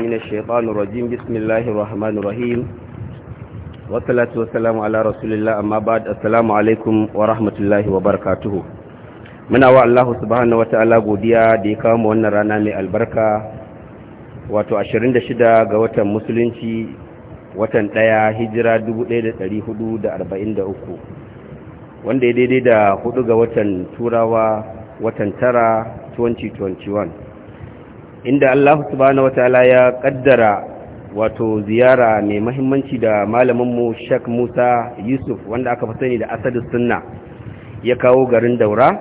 من الشيطان الرجيم بسم الله الرحمن الرحيم والصلاة والسلام على رسول الله أما بعد السلام عليكم ورحمة الله وبركاته muna wa Allah subhanahu wataala godiya da ya kawo wannan rana mai albarka wato 26 ga watan musulunci watan ɗaya hijira 1443 wanda ya daidai da hudu ga watan turawa watan tara 2021 inda Allah subhanahu wataala ya kaddara wato ziyara mai mahimmanci da malaminmu Sheikh Musa Yusuf wanda aka fi sani da Asadu Sunna ya kawo garin Daura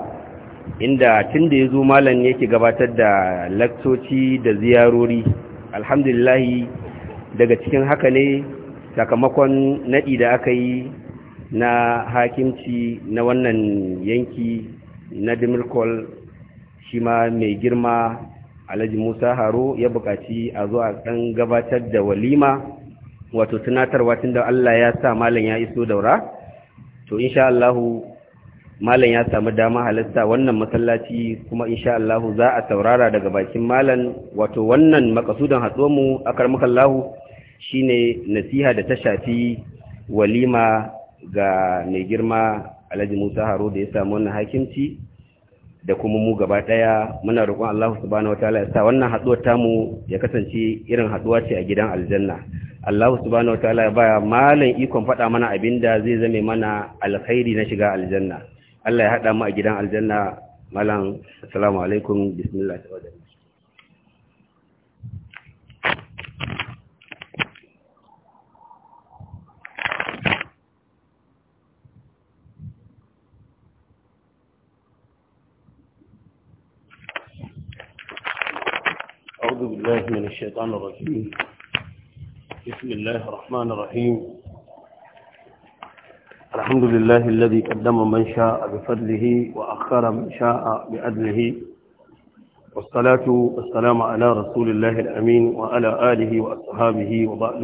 inda tun da ya malam yake gabatar da lakcoci da ziyarori alhamdulillahi daga cikin haka ne sakamakon nadi da aka yi na hakimci na wannan yanki na dimirkol shi ma mai girma alhaji musa haro ya buƙaci a zuwa ɗan gabatar da walima wato tunatarwa tun da allah ya sa malam ya iso daura to insha allahu malam ya samu dama halitta wannan masallaci kuma insha allahu za a saurara daga bakin malam wato wannan makasudan hatsomu a shi shine nasiha da ta shafi walima ga mai girma Alhaji Musa Haru da ya samu wannan hakimci da kuma mu gaba daya muna roƙon Allah subhanahu wataala ya sa wannan ta mu ya kasance irin haduwa ce a gidan aljanna Allah subhanahu wataala ya baya malan ikon faɗa mana abinda zai zame mana alkhairi na shiga aljanna Allah ya hada mu a gidan aljanna malam assalamu alaikum bismillah الشيطان الرجيم بسم الله الرحمن الرحيم الحمد لله الذي قدم من شاء بفضله وأخر من شاء بأدله والصلاة والسلام على رسول الله الأمين وعلى آله وأصحابه وبعد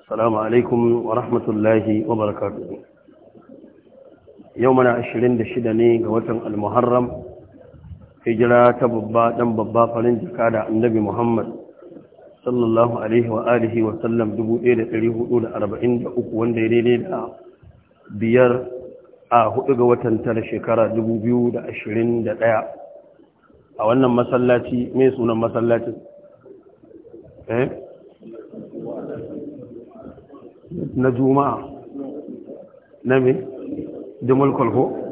السلام عليكم ورحمة الله وبركاته يومنا عشرين دشدني قوة watan al hijira ta babba dan babba farin jika da annabi Muhammad sallallahu alaihi wa alihi wa sallam 1443 wanda ya daidai da biyar a hudu ga watan tara shekara 2021 a wannan masallaci mai sunan masallacin eh na juma'a na me jimul kulko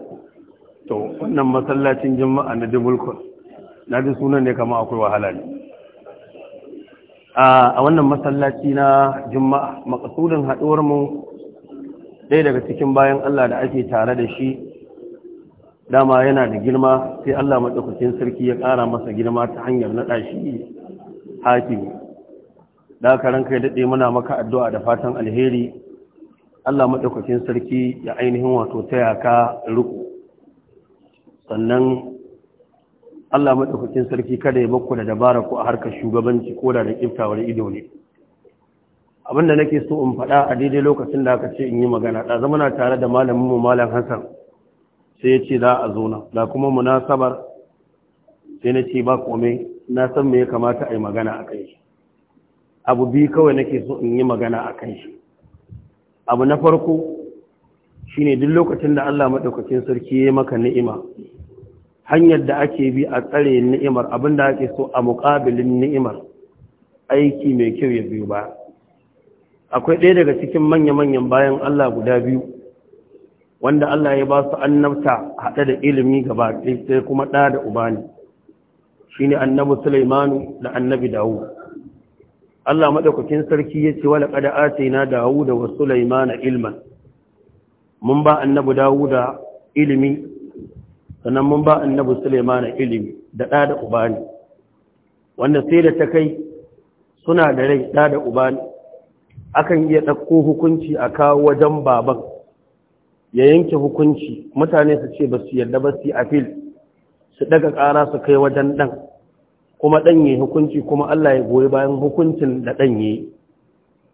to wannan masallacin juma'a na dubulkul na ji sunan ne kama akwai wahala ne a wannan masallaci na juma'a makasudin haɗuwar mu ɗaya daga cikin bayan Allah da ake tare da shi dama yana da girma sai Allah maɗaukakin sarki ya ƙara masa girma ta hanyar naɗa shi hakimi da ka ranka ya daɗe muna maka addu'a da fatan alheri Allah maɗaukakin sarki ya ainihin wato taya ka sannan Allah madaukakin sarki kada ya bakku da dabara ko a harkar shugabanci ko da da kiftawar ido ne Abin da nake so in faɗa a daidai lokacin da aka ce in yi magana da zama na tare da malamin mu malam Hassan sai ya ce za a zo na da kuma mu na sabar sai na ce ba kome na san me ya kamata a yi magana a kai shi abu biyu kawai nake so in yi magana a kai shi abu na farko shine duk lokacin da Allah maɗaukacin sarki ya yi maka ni'ima hanyar da ake bi a tsare ni'imar abin da ake so a muƙabilin ni'imar aiki mai kyau ya biyu ba akwai ɗaya daga cikin manya-manyan bayan Allah guda biyu wanda Allah ya ba su annabta haɗe da ilimi gaba ɗaya kuma ɗa da uba ne shi ne annabi Sulaimanu da annabi Dawu. Allah maɗaukakin sarki ya ce wani ƙada ce na dawu da wasu laimana ilman mun ba annabu dawuda ilimi sannan mun ba annabi suleimana ilimi da ɗa da uba ne wanda sai da ta kai suna da rai ɗa da uba ne akan iya ɗauko hukunci a kawo wajen baban ya yanke hukunci mutane su ce ba su yarda ba su yi afil su ɗaga ƙara su kai wajen ɗan kuma ɗan ya hukunci kuma Allah ya goyi bayan hukuncin da ɗan ya yi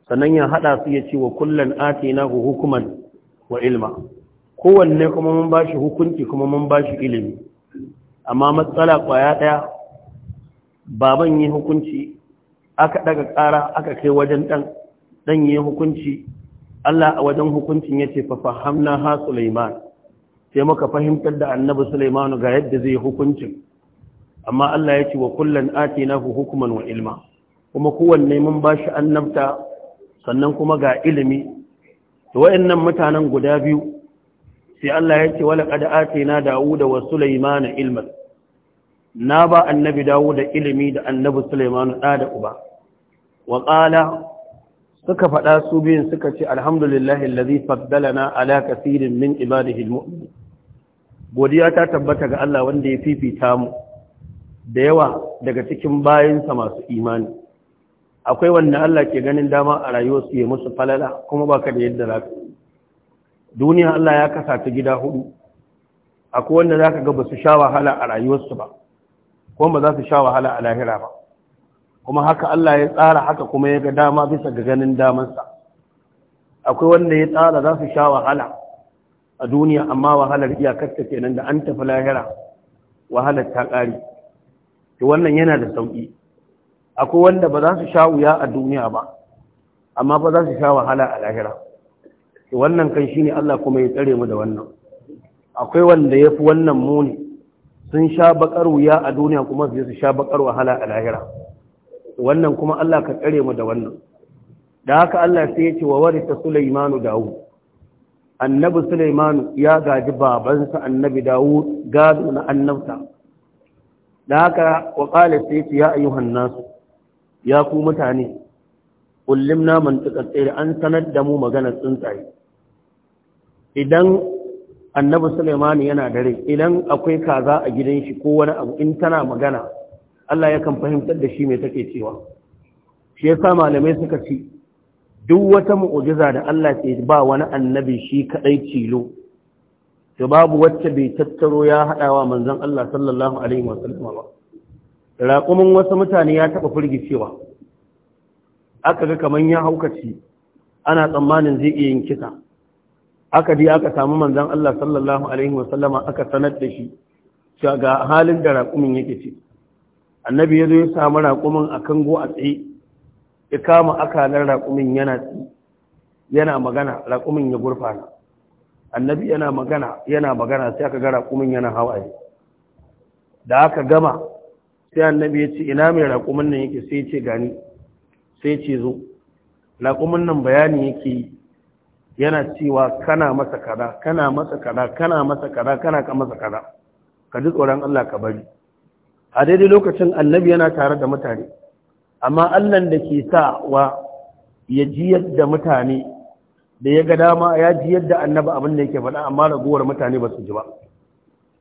sannan ya haɗa su ya ce wa kullum ake na hukuman wa ilma kowanne kuma mun bashi hukunci kuma mun bashi ilimi amma matsala kwaya daya baban yi hukunci aka daga kara aka kai wajen dan dan yi hukunci Allah a wajen hukuncin yace fa fahamna ha Sulaiman sai muka fahimtar da Annabi Sulaiman ga yadda zai hukunci amma Allah ya ce wa kullan atinahu hukman wa ilma kuma kowanne mun bashi annabta sannan kuma ga ilimi to waɗannan mutanen guda biyu sai Allah ya ce wala na dawo da wasu laimana ilmar. na ba annabi da ilimi da annabi sulaymanu da da uba wa qala suka faɗa su biyun suka ce alhamdulillahi allazi na alaƙa kaseerin min ibadihi almu'min godiya ta tabbata ga Allah wanda ya fifita mu da yawa daga cikin bayansa masu imani akwai wanda Allah ke ganin dama a rayuwarsu ya musu falala kuma ba ka da yadda za ka. duniya Allah ya kasa ta gida hudu akwai wanda za ka ga ba su sha wahala a rayuwarsu ba kuma ba za su sha wahala a lahira ba kuma haka Allah ya tsara haka kuma ya ga dama bisa ga ganin damansa akwai wanda ya tsara za su sha wahala a duniya amma wahalar iyakarta kenan da an tafi lahira wahalar ta ƙare. to wannan yana da sauƙi akwai wanda ba za su sha wuya a duniya ba amma ba za su sha wahala a lahira wannan kan shi ne Allah kuma ya tsare mu da wannan akwai wanda ya fi wannan muni sun sha bakar wuya a duniya kuma su su sha bakar wahala a lahira wannan kuma Allah ka tsare mu da wannan da haka Allah sai ya ce wa warisa Sulaimanu Dawud annabi Sulaimanu ya gaji babansa annabi Dawud gado na annabta da haka wa qala sai ya ayyuhan nasu ya ku mutane kullum na tsere an sanar da mu maganar tsuntsaye idan annabi sulaimani yana da rai idan akwai kaza a gidan shi ko wani abu in tana magana Allah yakan fahimtar da shi mai take cewa shi ya sa malamai suka ci? duk wata mu'ujiza da Allah ke ba wani annabi shi kaɗai cilo to babu wacce bai tattaro ya haɗawa manzon Allah sallallahu alaihi wasallam ba raƙumin wasu mutane ya taɓa furgi cewa aka ga kamar ya haukaci ana tsammanin zai iya yin kisa aka ji aka samu manzan Allah sallallahu alaihi wasallama aka sanar da shi cewa ga halin da raƙumin yake ce annabi ya zo ya samu raƙumin a kango a tsaye ya kama akalar raƙumin yana yana magana raƙumin ya gurfa na, annabi yana magana yana magana sai aka ga raƙumin yana hawaye da aka gama sai annabi ya ce ina mai raƙumin nan yake sai ce gani sai ce zo raƙumin nan bayani yake yana cewa kana masa kada kana masa kada kana masa kada kana ka masa kada ka ji tsoron Allah ka bari a daidai lokacin annabi yana tare da mutane amma Allah da ke sa wa ya ji yadda mutane da ya ga dama ya ji yadda annabi abin da yake faɗa amma raguwar mutane ba su ji ba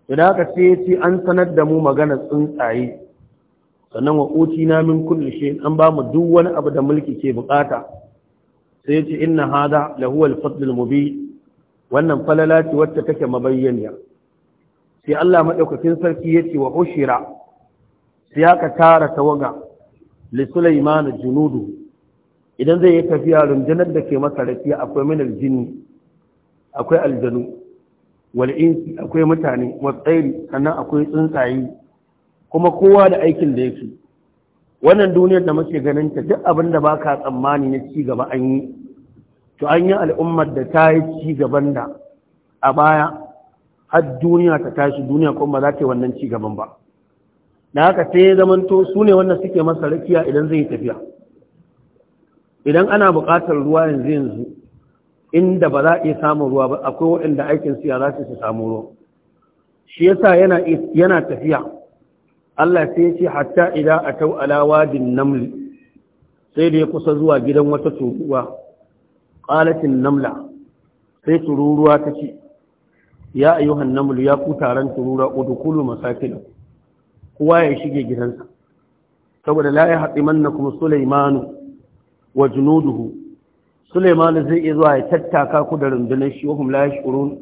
idan aka ce ce an sanar da mu magana tsuntsaye sannan wa na min kulli shay'in an ba mu duk wani abu da mulki ke bukata sai yace inna hada huwa al-fadl al-mubin wannan falala ce wacce take mabayyaniya sai Allah madaukakin sarki yace wa ushira sai aka tara tawaga li sulaiman junudu idan zai yi tafiya rundunar da ke masa rafiya akwai min al-jinni akwai aljanu wal insi akwai mutane wa tsairi sannan akwai tsuntsaye kuma kowa da aikin da ya yake wannan duniyar da muke ganin ta duk abin da baka tsammani na ci gaba an yi to an yi al'ummar da ta yi ci da a baya har duniya ta tashi duniya kuma ba za ta yi wannan ci ba da haka sai ya zamanto su ne wannan suke masa rakiya idan zai tafiya idan ana buƙatar ruwa yanzu yanzu inda ba za a iya samun ruwa ba akwai waɗanda aikin siya za su samu ruwa shi yasa yana tafiya Allah sai ya ce hatta idan a tau alawadin naml sai da ya kusa zuwa gidan wata turuwa qalatin namla sai tururuwa ta ce ya ayyuhan naml ya ku taron turura udukulu masakin kowa ya shige gidansa saboda la ya haɗi manna kuma sulaimanu wa junuduhu sulaimanu zai iya zuwa ya tattaka ku da rundunar shi wahum la yashurun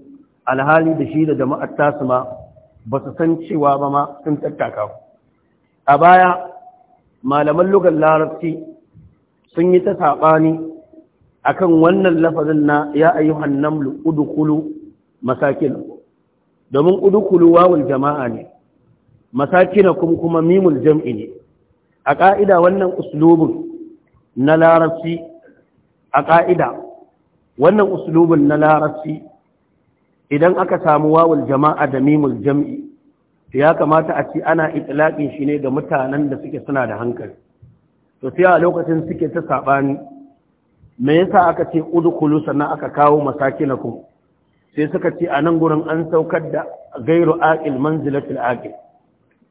alhali da shi da jama'ar tasuma ba su san cewa ba ma sun tattaka ku a baya malaman lugar larabci sun yi ta saɓani akan wannan lafazin na ya ayyuhan namlu udukulu masakinu domin udukulu wawul jama'a ne masakina kuma mimul jam'i ne a ƙa'ida wannan uslubin na larabci a ƙa'ida wannan uslubin na larabci idan aka samu wawul jama'a da mimul jam'i ya kamata a ce ana itilaƙin shi ne ga mutanen da suke suna da hankali to sai a lokacin suke ta saɓani me yasa aka ce udkhulu sannan aka kawo masakinakum sai suka ce a nan gurin an saukar da gairu aƙil manzilatul aƙil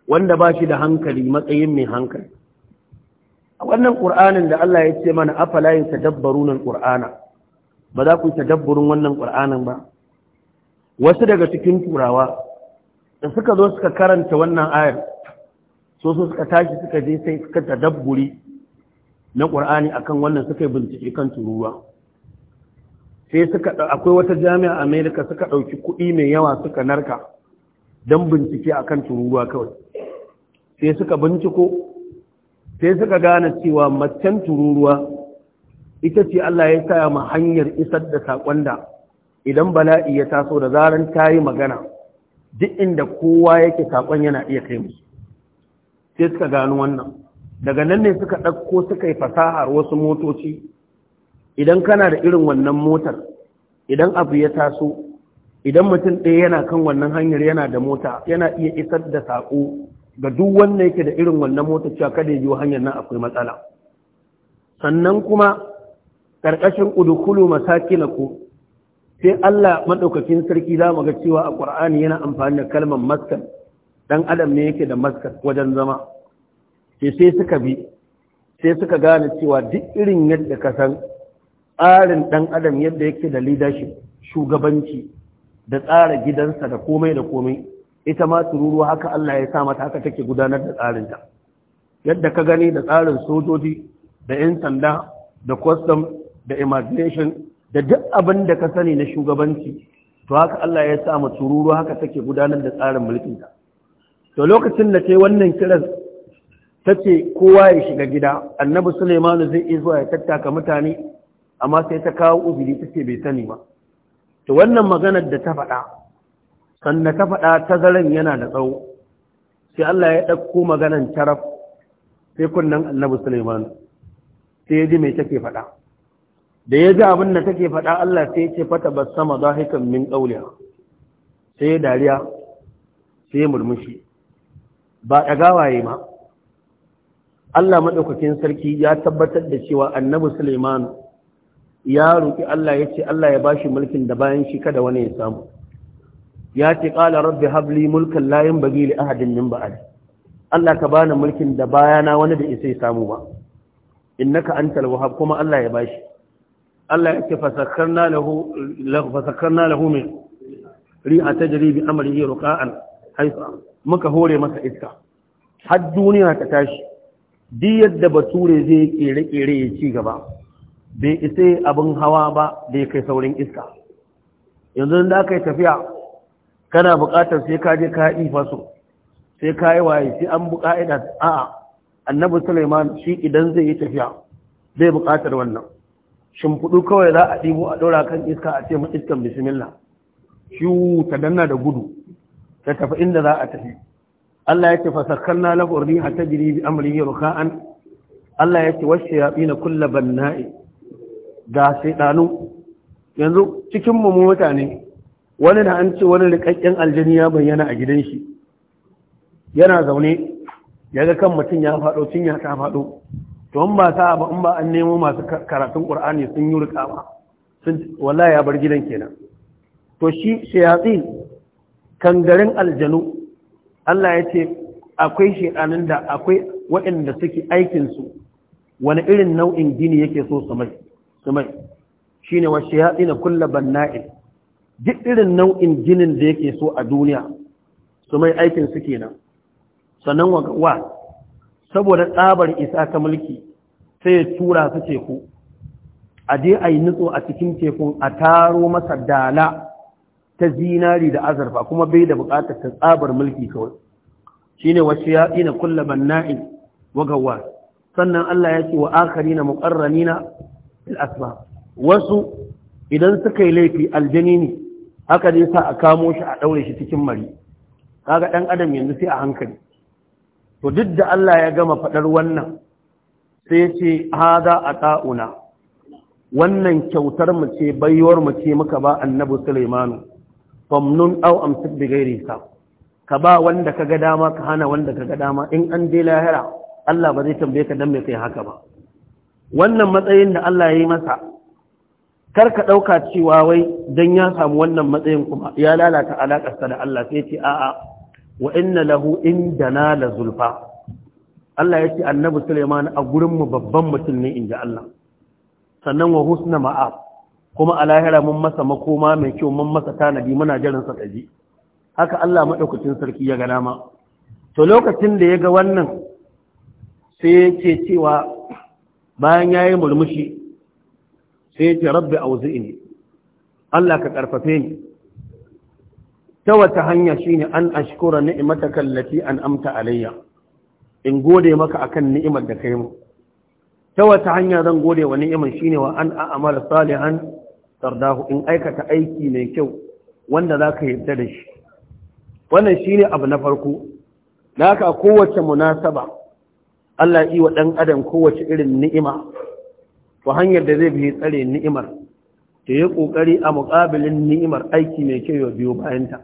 wanda ba shi da hankali matsayin mai hankali a wannan ƙur'anin da Allah ya ce mana afala yin nan ƙur'ana ba za ku yi wannan ƙur'anin ba wasu daga cikin turawa da suka zo suka karanta wannan ayar so su suka tashi suka je sai suka tadabburi na ƙur'ani akan wannan suka yi bincike kan turuwa sai suka akwai wata jami'a a america suka ɗauki kuɗi mai yawa suka narka don bincike akan turuwa kawai sai suka binciko sai suka gane cewa macen tururuwa ita ce Allah ya sa ma hanyar isar da saƙon da idan bala'i ya taso da zaran ta yi magana duk inda kowa yake sakon yana iya kai musu sai suka gano wannan daga nan ne suka ɗauko suka yi fasahar wasu motoci idan kana da irin wannan motar idan abu ya taso idan mutum ɗaya yana kan wannan hanyar yana da mota yana iya isar da saƙo ga duk wanda yake da irin wannan mota cewa kada ya hanyar nan akwai matsala sannan kuma ƙarƙashin udukulu masakinaku sai Allah madaukakin sarki za mu ga cewa a Qur'ani yana amfani da kalmar maskar dan adam ne yake da maskar wajen zama sai sai suka bi sai suka gane cewa duk irin yadda ka san tsarin ɗan adam yadda yake da leadership shugabanci da tsara gidansa da komai da komai ita ma tururuwa haka Allah ya sa mata haka take gudanar da tsarinta yadda ka gani da tsarin sojoji da 'yan sanda da custom da imagination da duk abin da ka sani na shugabanci to haka Allah ya sa mu tururu haka take gudanar da tsarin mulkin ta to lokacin da ce wannan ta tace kowa ya shiga gida annabi Sulaiman zai iya zuwa ya tattaka mutane amma sai ta kawo ubiri take bai sani ba to wannan maganar da ta faɗa sannan ta faɗa tazaran yana da tsawo sai Allah ya ɗauko maganar taraf sai kunnan annabi Sulaiman sai ya ji mai take faɗa da ya ji abin da take faɗa Allah sai ce fata ba sama zahikan min ƙauliya sai ya dariya sai ya murmushi ba ɗagawaye ma Allah maɗaukakin sarki ya tabbatar da cewa annabi Suleiman ya roƙi Allah ya ce Allah ya bashi mulkin da bayan shi kada wani ya samu ya ce ƙala rabbi habli mulkan layin bagi li ahadin min ba'ad Allah ka bani mulkin da bayana wani da isa ya samu ba innaka antal wahab kuma Allah ya bashi Allah ya ce fasakarna lahu fasakarna min ri'a tajri bi amrihi haifa muka hore masa iska har duniya ta tashi duk yadda bature zai kere kere ya ci gaba bai isa abin hawa ba da ya kai saurin iska yanzu da aka yi tafiya kana buƙatar sai ka je ka yi faso sai ka yi waye sai an buƙa'ida a'a annabi Suleiman, shi idan zai yi tafiya zai buƙatar wannan shimfiɗu kawai za a ɗibo a ɗora kan iska a ce iskan bismillah shi ta danna da gudu ta tafi inda za a tafi Allah ya ce fasakkan na lafar a ta jiri bi yi ruka'an Allah ya ce wasu ya na kulla banna'i ga ɗanu. yanzu cikin mu mutane wani na an ce wani rikakken aljani ya bayyana a gidan shi yana zaune ya ga kan mutum ya faɗo cinya ta faɗo to in ba ta ba in ba an nemo masu karatun qur'ani sun yi rika ba sun wallahi ya bar gidan kenan to shi shayatin kangarin aljanu Allah ya ce akwai shedanin da akwai waɗanda suke aikin su wani irin nau'in gini yake so su mai su mai shine wa shayatin kullu banna'in duk irin nau'in ginin da yake so a duniya su mai aikin su kenan sannan wa saboda tsabar isa ta mulki sai ya tura su teku a je a yi nutso a cikin tekun a taro masa dala ta zinari da azurfa kuma bai da bukatar ta tsabar mulki kawai ne wasu ya ina kulla banna'in wagawa sannan Allah ya ce wa na mukarrani na asba wasu idan suka yi laifi aljani ne haka zai sa a kamo shi a ɗaure shi cikin mari kaga dan adam yanzu sai a hankali to duk da Allah ya gama faɗar wannan sai ya ce haza a ta'una wannan kyautar mu ce baiwar mu ce muka ba annabi Sulaimanu famnun aw amsik bi ghairi sa ka ba wanda ka ga dama ka hana wanda ka ga dama in an dai lahira Allah ba zai tambaye ka dan me kai haka ba wannan matsayin da Allah ya yi masa kar ka dauka cewa wai dan ya samu wannan matsayin kuma ya lalata sa da Allah sai ya ce a'a wa inna lahu indana la zulfa Allah ya ce annabi Sulaiman a gurin mu babban mutum ne inji Allah sannan wa husna ma'a kuma a lahira mun masa makoma mai kyau mun masa tanadi muna jiran sa kaji haka Allah madaukakin sarki ya ga dama to lokacin da ya ga wannan sai yake cewa bayan yayi murmushi sai ya ce rabbi auzi'ni Allah ka karfafe ni ta wata hanya shine an ashkura ni'mataka allati an'amta alayya in gode maka akan ni'imar da kai mu ta wata hanya zan gode wa ni'imar shine wa an a'mala salihan tardahu in aikata aiki mai kyau wanda zaka yarda da shi wannan shine abu na farko da kowace munasaba Allah yi wa dan adam kowace irin ni'ima to hanyar da zai bi tsare ni'imar ta yi ƙoƙari a muƙabilin ni'imar aiki mai kyau ya biyo bayanta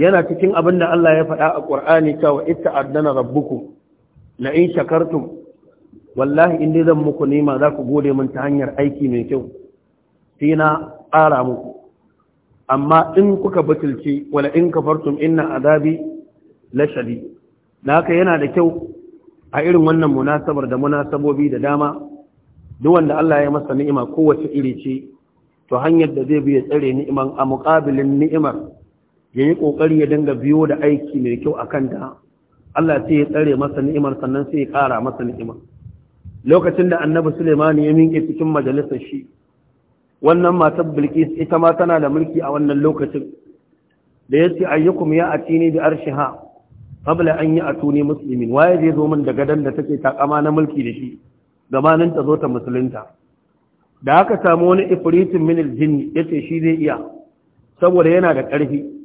yana cikin abin da Allah ya faɗa a ƙur'ani cewa ita addana rabbuku na in shakartum wallahi in zan muku nema za ku gode min ta hanyar aiki mai kyau sai na ƙara muku amma in kuka batulce wala in kafartum inna azabi la shadid da haka yana da kyau a irin wannan munasabar da munasabobi da dama duk wanda Allah ya masa ni'ima kowace iri ce to hanyar da zai bi ya tsare ni'iman a muƙabilin ni'imar ya yi ƙoƙari ya dinga biyo da aiki mai kyau a kanta Allah sai ya tsare masa ni'imar sannan sai ya ƙara masa ni'imar lokacin da annabi Suleimani ya minke cikin majalisar shi wannan matar Bilkis ita ma tana da mulki a wannan lokacin da ya ce ayyukum ya ni bi arshiha qabla an yi atuni muslimin waye zai zo min da gadan da take takama na mulki da shi gabanin ta zo ta musulunta da haka samu wani ifritin min aljin yace shi zai iya saboda yana da ƙarfi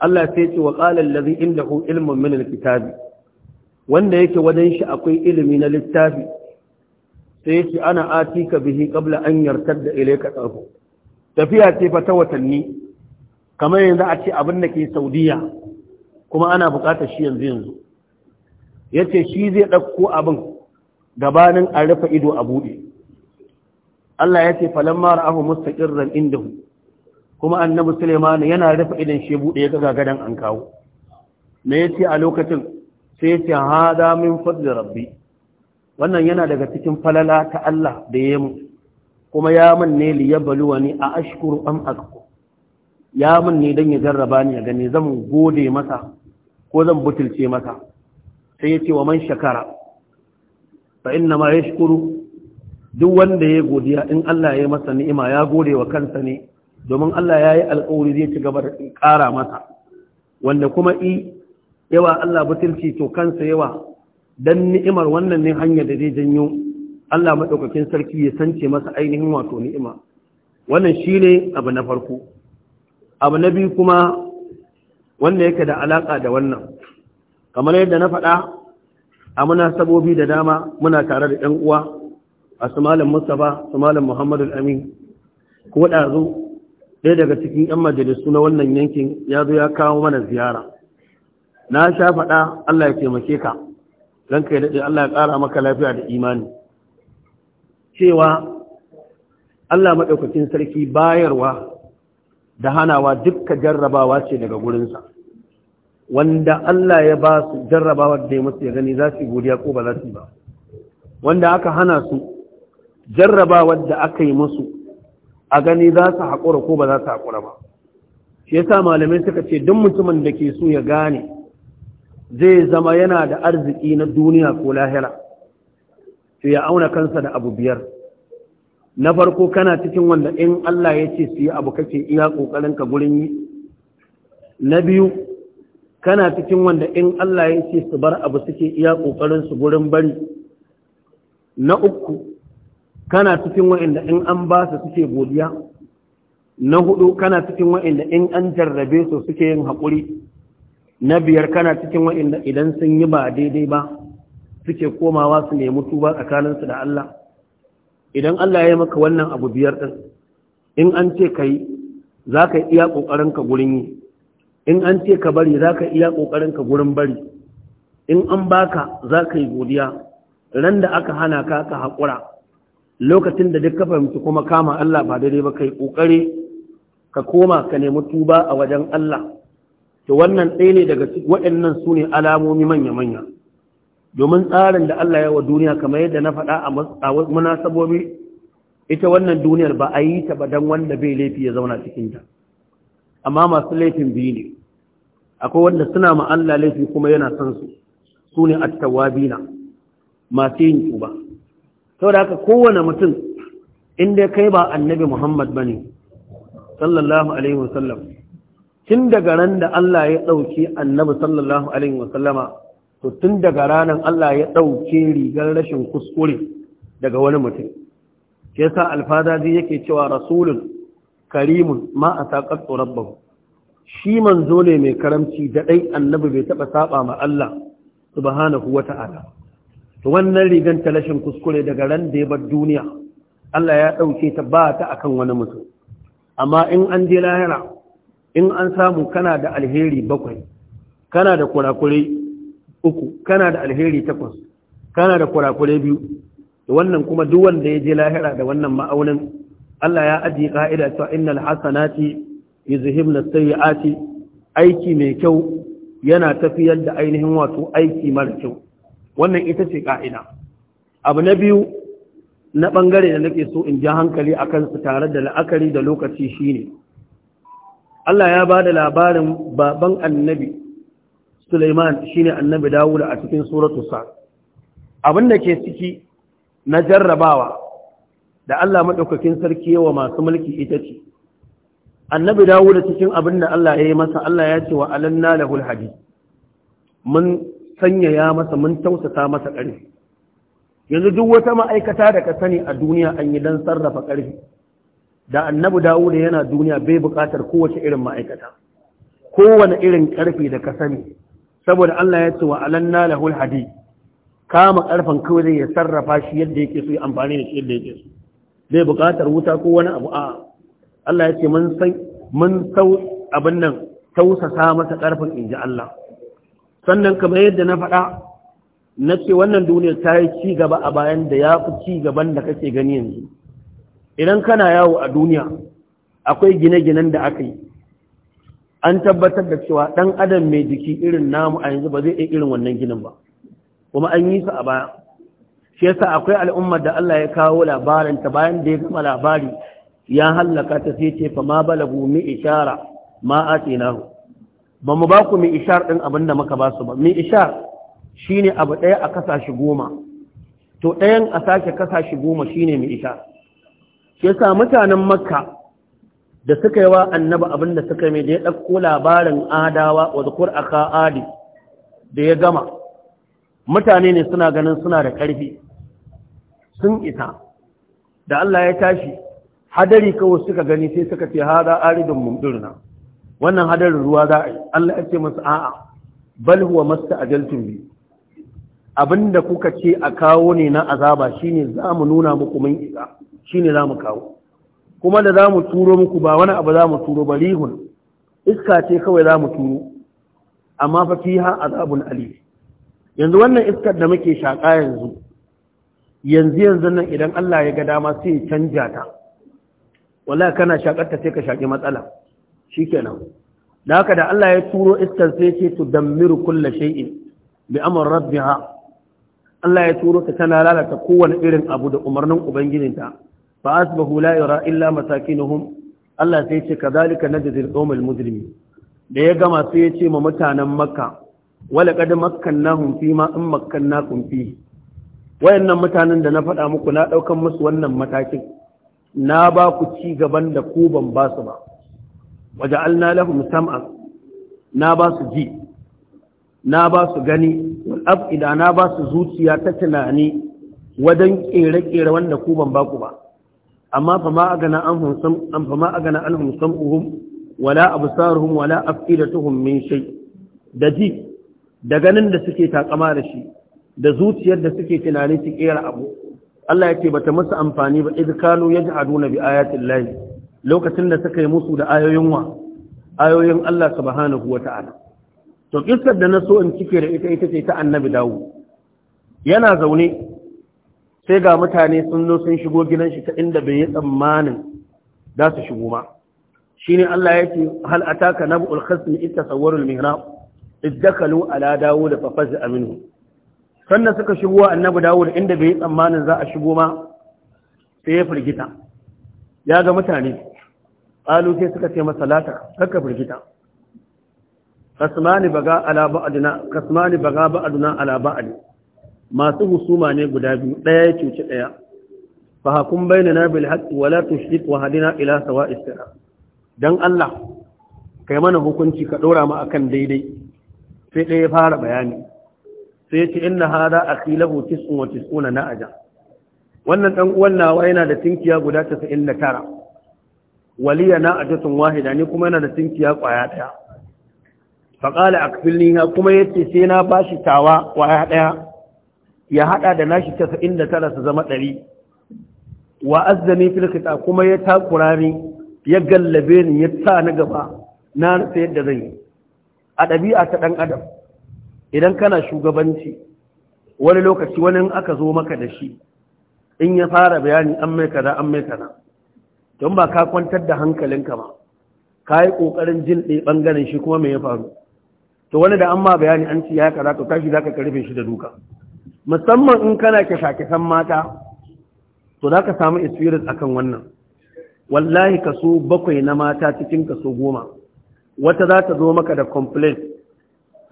Allah sai ce wa qala inda indahu ilmun min alkitabi wanda yake wajen shi akwai ilimi na littafi sai yake ana atika bihi qabla an yartadda ilayka tarfu tafiya ce fa ta watanni kamar yanzu a ce abin da ke Saudiya kuma ana buƙatar shi yanzu yanzu yace shi zai dauko abin gabanin a rufe ido a buɗe. Allah yace mara ra'ahu mustaqirran indahu kuma annabi Suleiman yana rufe idan shi bude ya ga gadan an kawo me yace a lokacin sai yace hada min fadli rabbi wannan yana daga cikin falala ta Allah da ya mu kuma ya mun ne li yabluwani a ashkuru am akfur ya mun ne dan ya jarraba ni ya gani zan gode masa ko zan butulce masa sai yace wa man shakara fa inna ma yashkuru duk wanda ya godiya in Allah ya masa ni'ima ya gode wa kansa ne domin Allah ya yi alƙawari zai ci gaba da ƙara masa wanda kuma i yawa Allah butulci to kansa yawa dan ni'imar wannan ne hanyar da zai janyo Allah maɗaukakin sarki ya sance masa ainihin wato ni'ima wannan shine abu na farko abu na biyu kuma wanda yake da alaƙa da wannan kamar yadda na faɗa a sabobi da dama muna tare da 'yan uwa a su malam Mustapha su Muhammadu Amin ko ɗazu ɗaya daga cikin 'yan majalisu na wannan yankin ya zo ya kawo mana ziyara na sha faɗa Allah ya taimake ka don ka yi daɗe Allah ya ƙara maka lafiya da imani cewa Allah maɗaukacin sarki bayarwa da hanawa dukka jarrabawa ce daga gurinsa wanda Allah ya ba su jarrabawa da ya musu ya gani za su godiya ko ba za su ba wanda aka hana su jarrabawa da aka yi musu a gani za su haƙura ko ba za su haƙura ba shi yasa malamai suka ce duk mutumin da ke so ya gane zai zama yana da arziki na duniya ko lahira to ya auna kansa da abu biyar na farko kana cikin wanda in Allah ya ce su yi abu kake iya ka gurin yi na biyu kana cikin wanda in Allah ya ce su bar abu suke iya ƙoƙarinsu gurin bari na uku kana cikin wa'inda in an ba su suke godiya na hudu kana cikin wa'inda in an jarrabe su suke yin haƙuri na biyar kana cikin wa'inda idan sun yi ba daidai ba suke komawa su nemi tuba tsakaninsu da Allah idan Allah ya yi maka wannan abu biyar ɗin in an ce ka yi za ka iya ƙoƙarinka gurin yi in an ce ka bari za ka iya ƙoƙarinka gurin bari in an baka za ka yi godiya ran da aka hana ka ka haƙura lokacin da duk ka fahimci kuma kama Allah ba daidai ba kai kokare ka koma ka nemi tuba a wajen Allah to wannan ɗaya ne daga waɗannan su ne alamomi manya-manya domin tsarin da Allah ya wa duniya kamar yadda na faɗa a munasabobi ita wannan duniyar ba a yi ta ba don wanda bai laifi ya zauna cikinta amma masu laifin biyu ne akwai wanda suna ma Allah laifi kuma yana son su su ne attawabina masu yin tuba saboda haka kowane mutum inda kai ba annabi Muhammad bane sallallahu alaihi wasallam tun daga ran da Allah ya dauki annabi sallallahu alaihi wasallama to tun daga ranan Allah ya dauke rigar rashin kuskure daga wani mutum shi yasa alfazaji yake cewa rasulun karimun ma ataqat rabbahu shi manzo ne mai karamci da dai annabi bai taba saba ma Allah subhanahu wata'ala to wannan rigan talashin kuskure daga ran da ya bar duniya Allah ya ɗauke ta ba ta akan wani mutum amma in an je lahira in an samu kana da alheri bakwai kana da kurakure uku kana da alheri takwas kana da kurakure biyu wannan kuma duk wanda ya je lahira da wannan ma'aunin Allah ya ajiye ka'ida ta innal hasanati ya sayyi'ati aiki mai kyau yana tafiyar da ainihin wato aiki mara kyau wannan ita ce ka'ida abu na biyu na bangare da nake so in ji hankali a kansu tare da la'akari da lokaci shine Allah ya ba da labarin baban annabi Sulaiman ne annabi Dawuda a cikin suratu sa abin da ke ciki na jarrabawa da Allah maɗaukakin sarki yawa masu mulki ita ce annabi Dawuda cikin abin da Allah ya yi masa Allah ya ce wa alanna lahul mun sanyaya masa mun tausasa masa ƙarfi yanzu duk wata ma'aikata da ka sani a duniya an yi don sarrafa ƙarfi da annabi da yana duniya bai buƙatar kowace irin ma'aikata kowane irin ƙarfi da ka sani saboda Allah ya ce wa alanna lahul hadi kama ƙarfin kawai zai ya sarrafa shi yadda yake so ya amfani da shi yadda yake so bai buƙatar wuta ko wani abu a Allah ya ce mun sau abin nan tausasa masa ƙarfin ji Allah sannan kamar yadda na faɗa na ce wannan duniyar ta yi ci gaba a bayan da ya fi ci gaban da kake gani yanzu idan kana yawo a duniya akwai gine-ginen da aka yi an tabbatar da cewa ɗan adam mai jiki irin namu a yanzu ba zai iya irin wannan ginin ba kuma an yi su a baya shi yasa akwai al'ummar da Allah ya kawo labarinta bayan da ya gama labari ya hallaka ta sai ce fa ma balagu mi ishara ma atinahu ba mu ba ku mai ishar ɗin abin da muka ba su ba mai ishar shi ne abu ɗaya a kasashe goma to ɗayan a sake kasashe goma shi ne mai ishar shi sa mutanen makka da suka yi wa annaba abin da suka mai da ya ɗauko labarin adawa wa zukur a ka'adi da ya gama mutane ne suna ganin suna da ƙarfi sun isa da Allah ya tashi hadari kawai suka gani sai suka ce hada aridin mumdirna wannan hadarin ruwa za a yi Allah ya ce masa a'a bal huwa masta ajaltum bi abinda kuka ce a kawo ne na azaba shine za mu nuna muku mun isa shine za mu kawo kuma da za mu turo muku ba wani abu za mu turo ba rihun iska ce kawai za mu turo amma fa fiha azabun ali yanzu wannan iskar da muke shaka yanzu yanzu yanzu nan idan Allah ya ga dama sai ya canja ta wallahi kana shakar ta sai ka shaki matsala shikenan da haka da Allah ya turo iskar sai ce tu dammiru kulla shay'in bi amr rabbiha Allah ya turo ta tana lalata kowane irin abu da umarnin ubangijinta fa asbahu la yara illa masakinuhum Allah sai ce kadhalika najzil qawmal mujrimin da ya gama sai ya ce ma mutanen makka wala qad makkannahum fi ma in makkannakum fi wayannan mutanen da na faɗa muku na ɗaukan musu wannan matakin na ba ku ci gaban da ku ban ba su ba waja'alna lahum sam'a na ba su ji na ba su gani wal na ba su zuciya ta tunani wajen kere-kere wanda ku ban ba ku ba amma fa ma a gana hunsam an fa ma agana an hunsam wala absaruhum wala afidatuhum min shay da ji da ganin da suke takama da shi da zuciyar da suke tunani su kera abu Allah ya ce bata musu amfani ba idh kanu yaj'aluna bi ayatin lahi lokacin da suka yi musu da ayoyin wa ayoyin Allah subhanahu wata'ala to kissar da na so in cike da ita ita ce ta annabi dawo yana zaune sai ga mutane sun zo sun shigo gidan shi ta inda bai yi tsammanin za su shigo ma shine Allah ya ce hal ataka nabul khasm ittasawwarul mihrab iddakalu ala dawud fa faza minhu sannan suka shigo annabi dawo da inda bai yi tsammanin za a shigo ma sai ya firgita ya ga mutane ƙalu sai suka ce masa lata kakka kaka firgita kasmani baga ala ba'dina masu husuma ne guda biyu ɗaya ya cuci ɗaya. fa na na bil haqqi wa la tushrik wa hadina ila sawa istira dan Allah kai mana hukunci ka dora mu akan daidai sai ɗaya ya fara bayani sai ce inna hada akhilahu 99 na'aja wannan dan uwan nawa yana da tinkiya guda tara. waliya na a ajatun wahida ni kuma yana da tinkiya kwaya daya faqala ha kuma yace sai na bashi tawa kwaya daya ya hada da nashi casa'in da tara su zama ɗari. wa azzani fil kuma ya takura ni ya gallabe ni ya sa na gaba na rasa yadda zan yi a ɗabi'a ta ɗan adam idan kana shugabanci wani lokaci wani aka zo maka da shi in ya fara bayani an mai kaza an mai kaza don ba ka kwantar da hankalinka ba ka yi ƙoƙarin jin ɗaya ɓangaren shi kuma mai ya faru to wani da an ma bayani an ci ya kara to tashi za ka karfe shi da duka musamman in kana kyasa kisan mata to za ka samu experience kan wannan wallahi kaso bakwai na mata cikin kaso goma wata za ta zo maka da komplain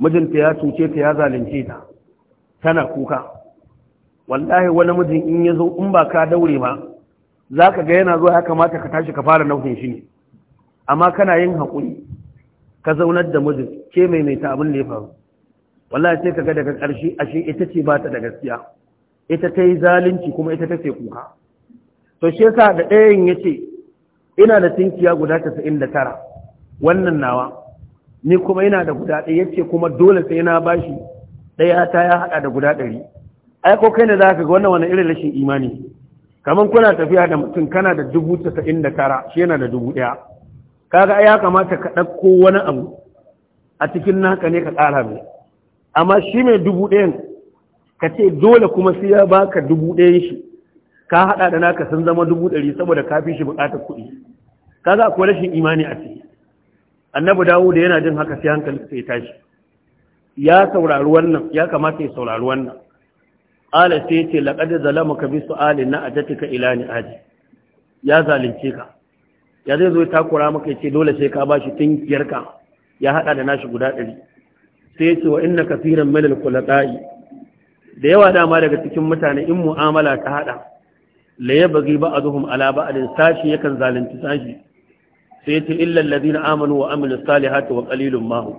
mijinta ya cuce ta ya zalunce ta tana kuka wallahi wani mijin in ya zo in ba ka daure ba za ka ga yana zuwa ya kamata ka tashi ka fara nau'in shi ne amma kana yin haƙuri ka zaunar da mijin ke maimaita abin da ya faru wallahi sai ka ga daga ƙarshe ashe ita ce ba ta da gaskiya ita ta yi zalunci kuma ita ta ce kuka to shi yasa da ɗayan ya ce ina da tinkiya guda casa'in da tara wannan nawa ni kuma ina da guda ɗaya yace kuma dole sai na bashi ɗaya ta ya haɗa da guda ɗari ai ko kai ne za ka ga wannan wani irin rashin imani kamar kuna tafiya da mutum kana da dubu tasa'in da tara shi yana da dubu ɗaya kaga ya kamata ka ɗauko wani abu a cikin naka ne ka ƙara mai amma shi mai dubu ɗayan ka ce dole kuma sai ya baka dubu ɗayan shi ka haɗa da naka sun zama dubu ɗari saboda ka fi shi buƙatar kuɗi kaga akwai rashin imani a ciki annabi dawo da yana jin haka sai hankali sai tashi ya saurari wannan ya kamata ya saurari wannan ƙala sai ce laƙadar zalama ka bi su'alin na ajatika ila ni aji ya zalunce ka ya zai zo ya takura maka ya ce dole sai ka bashi ka ya haɗa da nashi guda ɗari sai ya ce wa inna kafiran malal kulata'i da yawa dama daga cikin mutane in mu'amala ta haɗa la ya bagi ba a zuhun ala ba sashi yakan zalunci sashi sai ya ce illal ladina amanu wa amilu salihati wa ma mahu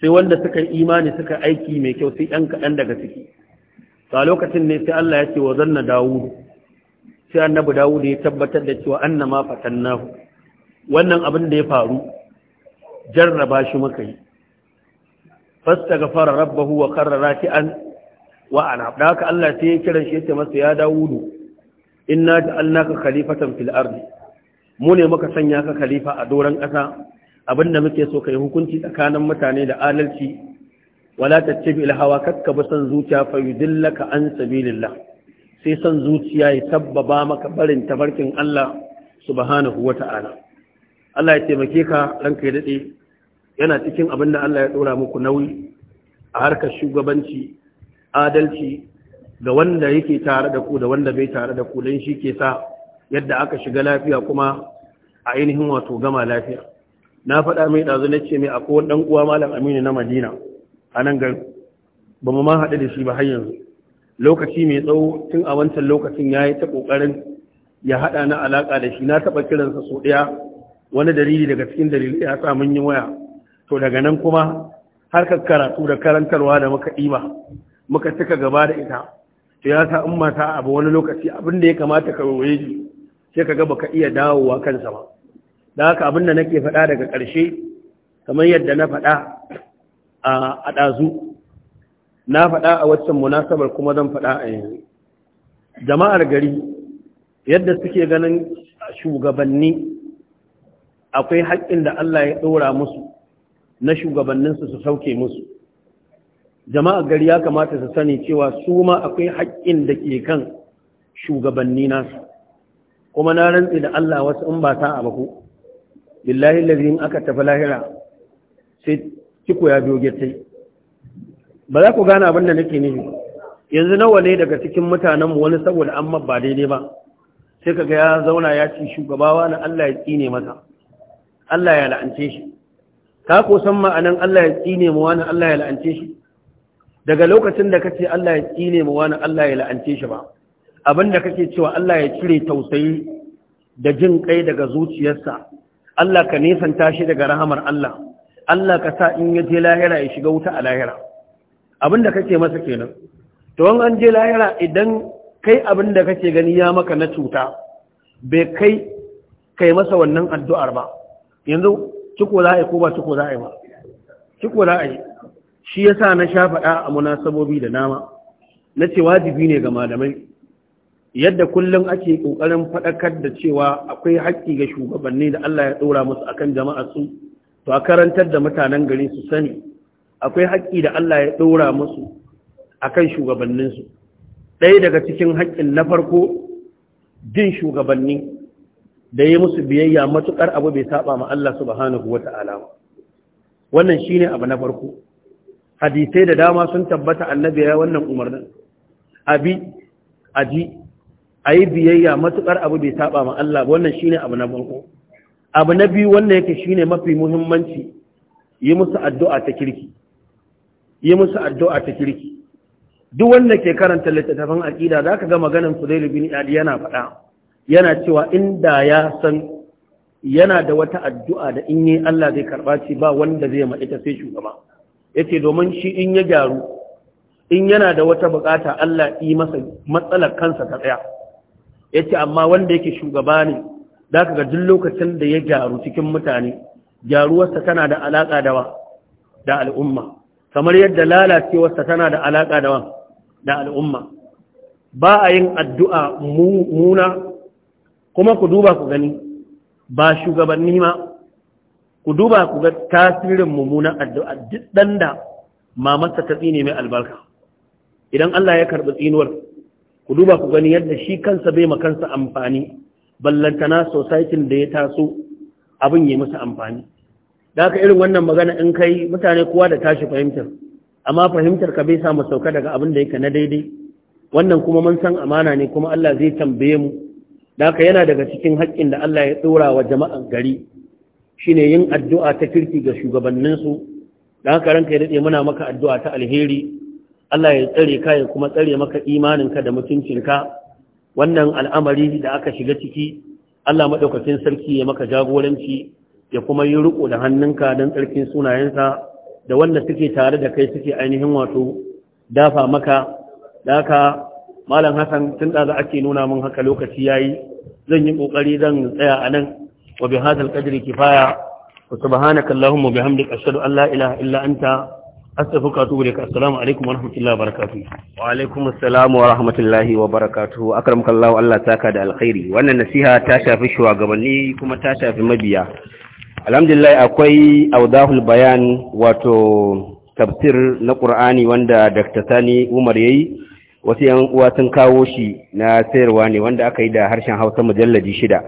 sai wanda suka imani suka aiki mai kyau sai 'yan kaɗan daga ciki ta lokacin ne sai Allah ya ce wa zanna Dawud sai annabi Dawud ya tabbatar da cewa annama fatannahu wannan abin da ya faru jarraba shi muka yi fastaghfara rabbahu wa qarra an wa ana haka Allah sai ya kira shi ya ce masa ya Dawud inna ja'alnaka khalifatan fil ardi mu ne muka sanya ka khalifa a doran ƙasa abinda muke so kai hukunci tsakanin mutane da adalci wala tattabi hawa kakka ba san zuciya fa yudillaka an sabilillah sai san zuciya ya sabbaba maka barin tabarkin Allah subhanahu wata'ala Allah ya taimake ka ranka ya dade yana cikin abin da Allah ya ɗora muku nauyi a harkar shugabanci adalci ga wanda yake tare da ku da wanda bai tare da ku don shi ke sa yadda aka shiga lafiya kuma a ainihin wato gama lafiya na faɗa mai ɗazu na ce mai akwai ɗan uwa malam aminu na madina a nan gari ba mu ma haɗu da shi ba har yanzu lokaci mai tsawo tun a wancan lokacin ya yi ta ƙoƙarin ya haɗa na alaƙa da shi na taɓa kiransa sau ɗaya wani dalili daga cikin dalilai ya sa mun yi waya to daga nan kuma harkar karatu da karantarwa da muka ɗiba muka cika gaba da ita to ya sa in mata abu wani lokaci abin da ya kamata ka roye shi sai ka ga baka iya dawowa kansa ba da haka abin da nake faɗa daga ƙarshe kamar yadda na faɗa a ɗazu na faɗa a waccan munasabar kuma zan faɗa a yanzu jama'ar gari yadda suke ganin shugabanni akwai haƙƙin da Allah ya ɗora musu na shugabanninsu su sauke musu jama'ar gari ya kamata su sani cewa su ma akwai haƙƙin da ke kan shugabanni nasu kuma na rantse da Allah wasu in ba ta abu billahi lazim aka tafi lahira sai kiko ya biyo tai ba za ku gane abin da nake nufi yanzu nawa ne daga cikin mutanen mu wani saboda an ba daidai ba sai kaga ya zauna ya ci shugabawa na Allah ya tsine masa Allah ya la'ance shi ka ko san ma'anan Allah ya tsine mu wani Allah ya la'ance shi daga lokacin da kace Allah ya tsine mu wani Allah ya la'ance shi ba abinda kake cewa Allah ya cire tausayi da jin kai daga zuciyarsa Allah ka nisan tashi daga rahamar Allah Allah ka sa in ya je lahira ya shiga wuta a lahira abinda kake masa kenan to wani an je lahira idan kai abinda kake gani ya maka na cuta bai kai kai masa wannan addu'ar ba yanzu ciko za yi ko ba ciko za yi ba ciko za yi shi yasa na sha faɗa a munasabobi da nama na ce wajibi ne ga malamai yadda kullum ake ƙoƙarin faɗakar da cewa akwai haƙƙi ga shugabanni da Allah ya ɗora musu akan jama'a su to a karantar da mutanen gari su sani akwai haƙƙi da Allah ya ɗora musu a kan shugabanninsu ɗaya daga cikin haƙƙin na farko jin shugabanni da ya musu biyayya matuƙar abu bai saba ma Allah subhanahu wata ba wannan shine abu na farko hadisai da dama sun tabbata annabi ya wannan umarnin abi aji ayi biyayya matuƙar abu bai saba ma Allah wannan shine abu na farko abu na biyu wanda yake shine mafi muhimmanci yi musu addu'a ta kirki yi musu addu'a ta kirki duk wanda ke karanta littattafan aqida zaka ga maganan Fudail bin Iyad yana faɗa yana cewa inda ya san yana da wata addu'a da in yi Allah zai karɓa ce ba wanda zai ta sai shugaba yace domin shi in ya gyaru in yana da wata bukata Allah yi masa matsalar kansa ta tsaya yace amma wanda yake shugaba ne da ka duk lokacin da ya gyaru cikin mutane gyaruwarsa tana da alaƙa da wa da al'umma kamar yadda lalacewarsa tana da alaƙa da wa da al'umma ba a yin addu'a muna kuma ku duba ku gani ba shugabanni ma ku duba ku ga tasirin mummunan addu'a duk ɗan da mamarsa ta tsine mai albarka idan Allah ya karɓi tsinuwar ku duba ku gani yadda shi kansa bai makansa amfani ballantana societin da ya taso abin yi musu amfani da haka irin wannan magana in kai mutane kowa da tashi fahimtar amma fahimtar ka bai samu sauka daga abin da yake na daidai wannan kuma mun san amana ne kuma Allah zai tambaye mu da haka yana daga cikin haƙƙin da Allah ya tsora wa jama'an gari shine yin addu'a ta kirki ga shugabanninsu da haka ranka ya daɗe muna maka addu'a ta alheri Allah ya tsare ka ya kuma tsare maka imaninka da mutuncinka wannan al'amari da aka shiga ciki Allah maɗaukacin sarki ya maka jagoranci ya kuma yi riko da hannunka don tsarkin sunayensa da wanda suke tare da kai suke ainihin wato dafa maka da aka malam hassan tun da ake nuna mun haka lokaci yayi zan yi kokari zan tsaya a nan wa bi hadal qadri kifaya wa subhanaka allahumma bihamdika ashhadu an la ilaha illa anta astaghfiruka wa assalamu alaikum wa rahmatullahi wa barakatuh wa alaikum assalam wa rahmatullahi wa barakatuh akramakallahu Allah taka da alkhairi wannan nasiha ta shafi shugabanni kuma ta shafi mabiya alhamdulillah akwai awdahul bayan wato tafsir na qur'ani wanda Dr. Sani Umar yayi wasu yan uwa sun kawo shi na sayarwa ne wanda aka yi da harshen Hausa mujalladi shida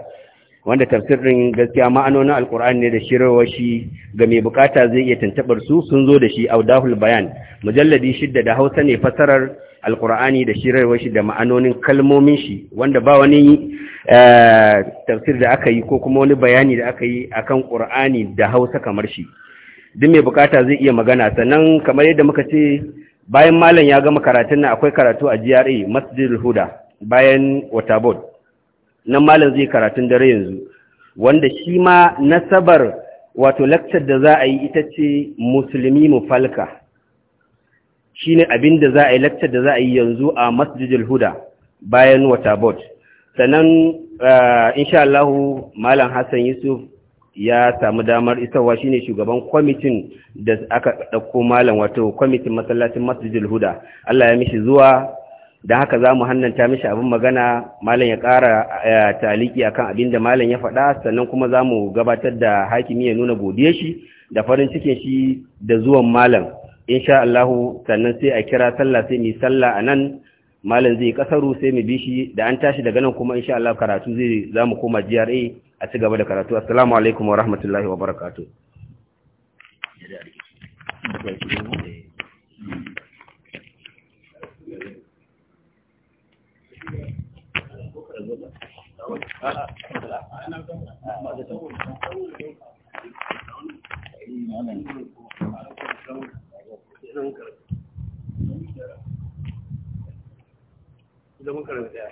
wanda tafsirin gaskiya ma'anonin alkur'ani ne da shirarwa shi ga mai bukata zai iya tantabar su sun zo da shi audahul bayan mujalladi shidda da hausa ne fasarar alkur'ani da shirarwa shi da ma'anonin kalmomin shi wanda ba wani eh, tafsir da aka yi ko kuma wani bayani da aka yi akan qur'ani da hausa kamar shi duk mai bukata zai iya magana sannan kamar yadda muka ce bayan malam ya gama karatun nan akwai karatu a GRA Masjidul Huda bayan Waterboard nan malam zai karatun dare yanzu wanda shi ma nasabar wato lakcar da za a yi ita ce musulmi mufalka shi ne abin da za a yi lakcar da za a yi yanzu a masjidil huda bayan waterboard sannan eh, insha Allahu malam hassan yusuf ya samu damar isarwa ne shugaban kwamitin da aka ɗauko malam wato kwamitin masallacin masjidil huda Allah ya mishi zuwa da haka za mu hannanta mishi abin magana malam ya ƙara eh, taliki akan abin da malam ya faɗa sannan kuma za mu gabatar da hakimi ya nuna godiya shi da farin cikin shi da zuwan malam insha Allahu sannan sai a kira sallah sai mu sallah a nan malam zai kasaru sai mu bi shi da an tashi daga nan kuma insha Allah karatu zai za mu koma GRA a ci gaba da karatu assalamu alaikum wa rahmatullahi wa barakatuh zaman karanta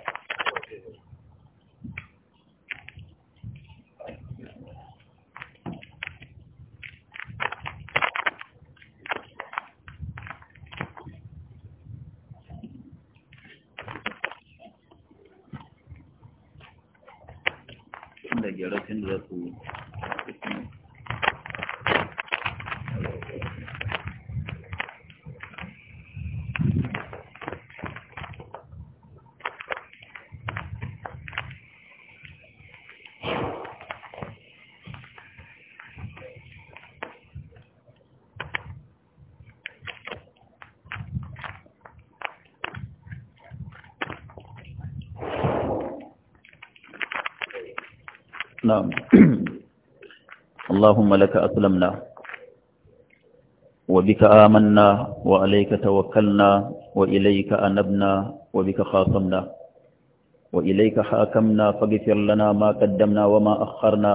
da gyaratun da su نعم اللهم لك أسلمنا وبك آمنا وعليك توكلنا وإليك أنبنا وبك خاصمنا وإليك حاكمنا فاغفر لنا ما قدمنا وما أخرنا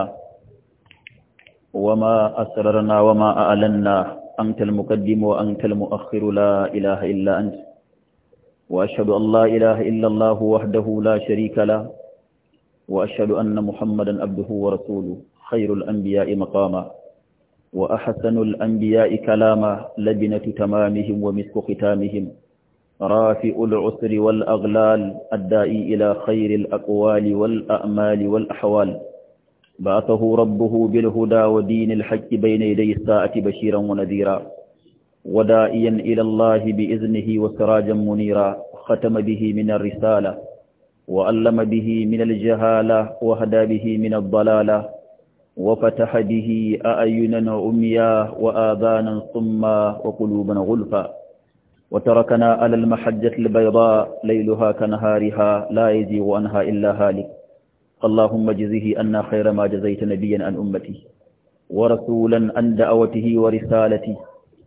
وما أسررنا وما أعلنا أنت المقدم وأنت المؤخر لا إله إلا أنت وأشهد أن لا إله إلا الله وحده لا شريك له وأشهد أن محمدا عبده ورسوله خير الأنبياء مقاما وأحسن الأنبياء كلاما لبنة تمامهم ومسك ختامهم رافع العسر والأغلال الدائي إلى خير الأقوال والأمال والأحوال بعثه ربه بالهدى ودين الحق بين يدي الساعة بشيرا ونذيرا ودائيا إلى الله بإذنه وسراجا منيرا ختم به من الرسالة وألم به من الجهالة وهدى به من الضلالة وفتح به أعينا عميا وآذانا صما وقلوبا غلفا وتركنا على المحجة البيضاء ليلها كنهارها لا يزيغ عنها إلا هالك اللهم جزه أن خير ما جزيت نبيا عن أمتي ورسولا عن دعوته ورسالته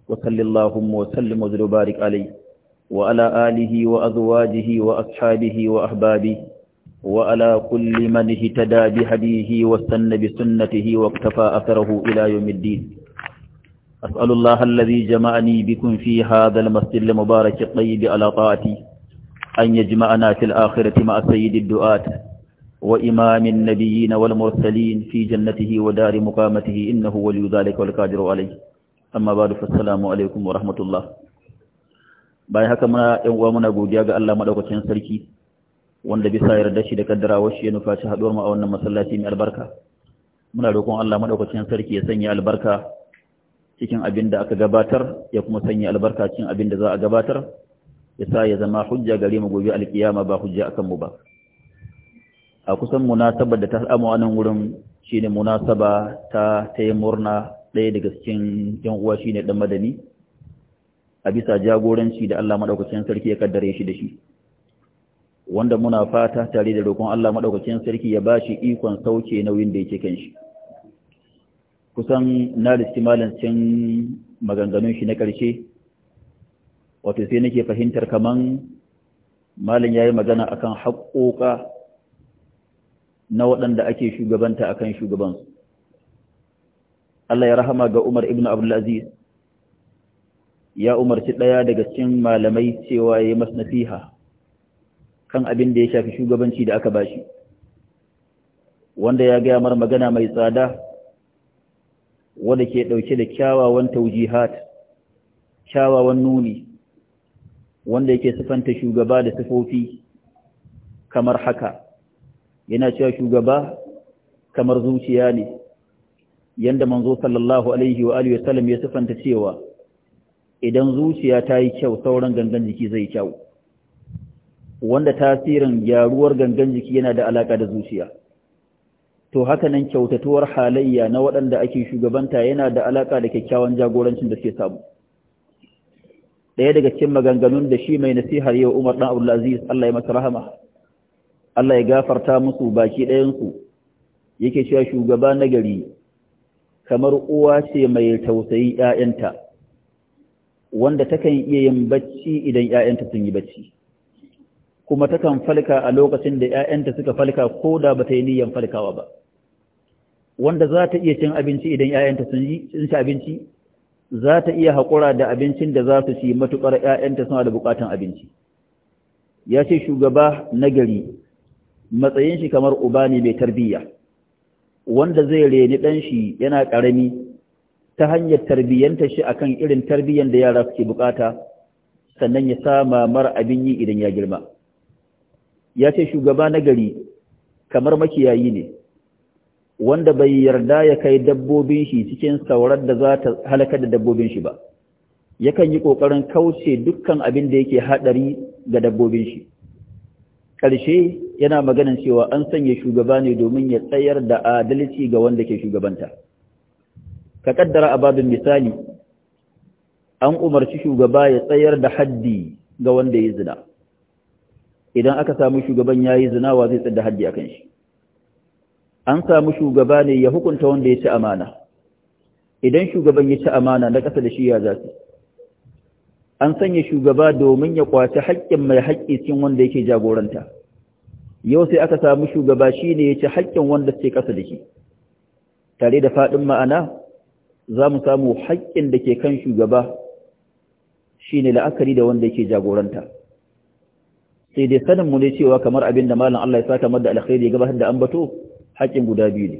وصل اللهم وسلم وزل وبارك عليه وعلى آله وأزواجه وأصحابه وأحبابه وعلى كل من اهتدى بهديه واستنى بسنته واقتفى أثره إلى يوم الدين أسأل الله الذي جمعني بكم في هذا المسجد المبارك الطيب على طاعتي أن يجمعنا في الآخرة مع سيد الدعاة وإمام النبيين والمرسلين في جنته ودار مقامته إنه ولي ذلك والقادر عليه أما بعد فالسلام عليكم ورحمة الله bayan haka muna ɗan uwa muna godiya ga Allah madaukakin sarki wanda bisa yarda shi da kaddarawar shi ya nufaci haɗuwar mu a wannan masallaci mai albarka muna roƙon Allah madaukakin sarki ya sanya albarka cikin abin da aka gabatar ya kuma sanya albarka cikin abin da za a gabatar ya sa ya zama hujja gare mu gobe alkiyama ba hujja akan mu ba a kusan munasabar da ta samu a nan wurin shine munasaba ta ta yi murna ɗaya daga cikin yan uwa shine dan madani a bisa jagoranci da Allah maɗaukacin sarki ya kaddare shi da shi wanda muna fata tare da roƙon Allah maɗaukacin sarki ya ba shi ikon sauke nauyin da yake kan shi kusan na riski cin maganganun shi na ƙarshe wato sai nake fahimtar kaman malin yi magana a kan haƙoƙa na waɗanda ake shugabanta a kan shugabansu Allah ya rahama ga Umar ibn Abdulaziz ya umarci ɗaya daga cikin malamai cewa ya yi nasiha kan abin da ya shafi shugabanci da aka bashi wanda ya gaya mar magana mai tsada wanda ke ɗauke da kyawawan taujihat kyawawan nuni wanda yake sifanta shugaba da sifofi kamar haka yana cewa shugaba kamar zuciya ne yanda manzo sallallahu alaihi wa alihi sallam ya sifanta cewa idan zuciya ta yi kyau sauran gangan jiki zai kyau wanda tasirin gyaruwar gangan jiki yana da alaka da zuciya to haka nan kyautatuwar halayya na waɗanda ake shugabanta yana da alaka da kyakkyawan jagorancin da suke samu ɗaya daga cikin maganganun da shi mai nasihar yau umar ɗan abdulaziz allah ya masa rahama allah ya gafarta musu baki ɗayansu yake cewa shugaba na gari kamar uwa ce mai tausayi ‘ya'yanta’ wanda takan iya yin bacci idan ‘ya'yanta sun yi bacci kuma takan falka a lokacin da ‘ya'yanta suka falka ko da ba ta yi niyyar falkawa ba wanda za ta iya cin abinci idan ‘ya'yanta sun ci abinci za ta iya haƙura da abincin da za su ci matuƙar ‘ya'yanta suna da buƙatan abinci ya ce shugaba na gari matsayin shi kamar uba ne mai tarbiyya wanda zai reni ɗan shi yana ƙarami ta hanyar tarbiyyanta shi a kan irin tarbiyyan da yara suke bukata sannan ya sama mara abin yi idan ya girma ya ce shugaba na gari kamar makiyayi ne wanda bai yarda ya kai dabbobin shi cikin saurar da za ta halakar da dabbobin shi ba yakan yi ƙoƙarin kauce dukkan abin da yake haɗari ga dabbobin shi ƙarshe yana maganin cewa an sanya shugaba ne domin ya tsayar da adalci ga wanda ke shugabanta ka kaddara a babin misali an umarci shugaba ya tsayar da haddi ga wanda ya zina idan aka samu shugaban ya yi zina wa zai tsada haddi a kan shi an samu shugaba ne ya hukunta wanda ya ci amana idan shugaban ya ci amana na ƙasa da shi ya za su, an sanya shugaba domin ya kwaci haƙƙin mai haƙƙi cikin wanda yake jagoranta yau sai aka samu shugaba shi ne ya ci haƙƙin wanda ke ƙasa da shi tare da faɗin ma'ana za mu samu haƙƙin da ke kan shugaba shi ne la'akari da wanda yake jagoranta sai dai sanin mu ne cewa kamar abin da malin Allah ya kamar da alkhairi ya gabatar da ambato haƙƙin guda biyu ne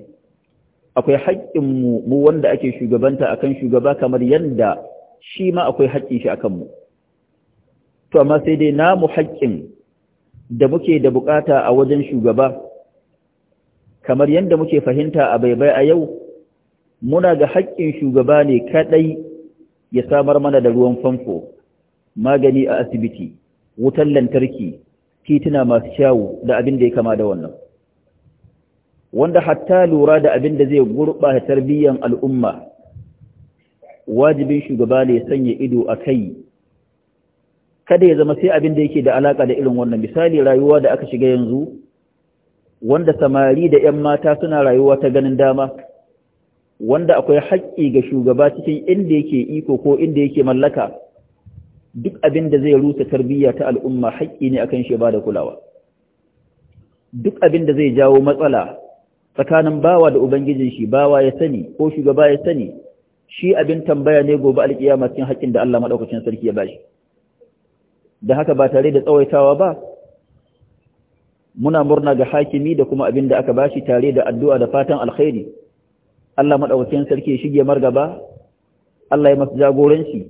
akwai haƙƙin mu mu wanda ake shugabanta akan shugaba kamar yanda shi ma akwai haƙƙin shi akan mu to amma sai dai namu haƙƙin da muke da bukata a wajen shugaba kamar yadda muke fahimta a baibai a yau muna ga haƙƙin shugaba ne kaɗai ya samar mana da ruwan famfo magani a asibiti wutar lantarki tituna masu kyawu da abin da ya kama da wannan wanda hatta lura da abin da zai gurɓata tarbiyyar al'umma wajibin shugaba ne sanya ido a kai kada ya zama sai abin da yake da alaƙa da irin wannan misali rayuwa da aka shiga yanzu wanda samari da ‘yan mata suna rayuwa ta ganin dama wanda akwai haƙƙi ga shugaba cikin inda yake iko ko inda yake mallaka duk abin da zai rusa tarbiyya ta al'umma haƙƙi ne akan shi ba da kulawa duk abin da zai jawo matsala tsakanin bawa da ubangijin shi bawa ya sani ko shugaba ya sani shi abin tambaya ne gobe alƙiyama cikin haƙƙin da Allah madaukakin sarki ya bashi da haka ba tare da tsawaitawa ba muna murna ga hakimi da kuma abin da aka bashi tare da addu'a da fatan alkhairi Allah maɗaukacin sarki ya shige margaba Allah ya masu jagoranci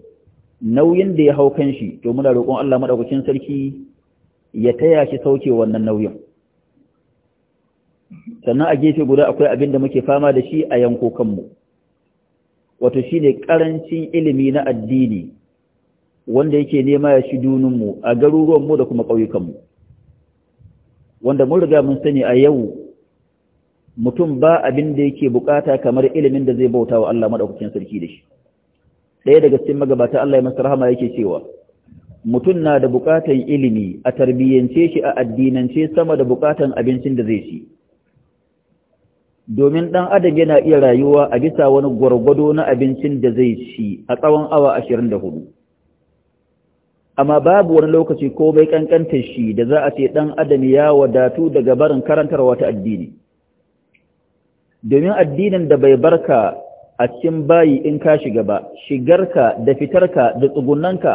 nauyin da ya hau kan shi to muna roƙon Allah maɗaukakin sarki ya taya shi sauke wannan nauyin sannan a gefe guda akwai abin da muke fama da shi a yanko kanmu wato shi ne ƙarancin ilimi na addini wanda yake nema ya shi dununmu a garuruwanmu da kuma ƙauyukanmu wanda mun riga mun sani a yau mutum ba abin da yake bukata kamar ilimin da zai bauta wa Allah madaukakin sarki da shi ɗaya daga cikin magabata Allah ya masa rahama yake cewa mutum na da bukatan ilimi a tarbiyyance shi a addinance sama da bukatan abincin da zai ci domin ɗan adam yana iya rayuwa a bisa wani gwargwado na abincin da zai ci a tsawon awa ashirin da hudu amma babu wani lokaci ko bai kankantar shi da za a ce ɗan adam ya wadatu daga barin karantarwa ta addini domin addinin da bai barka a cikin bayi in ka shiga ba shigarka da fitarka da tsugunanka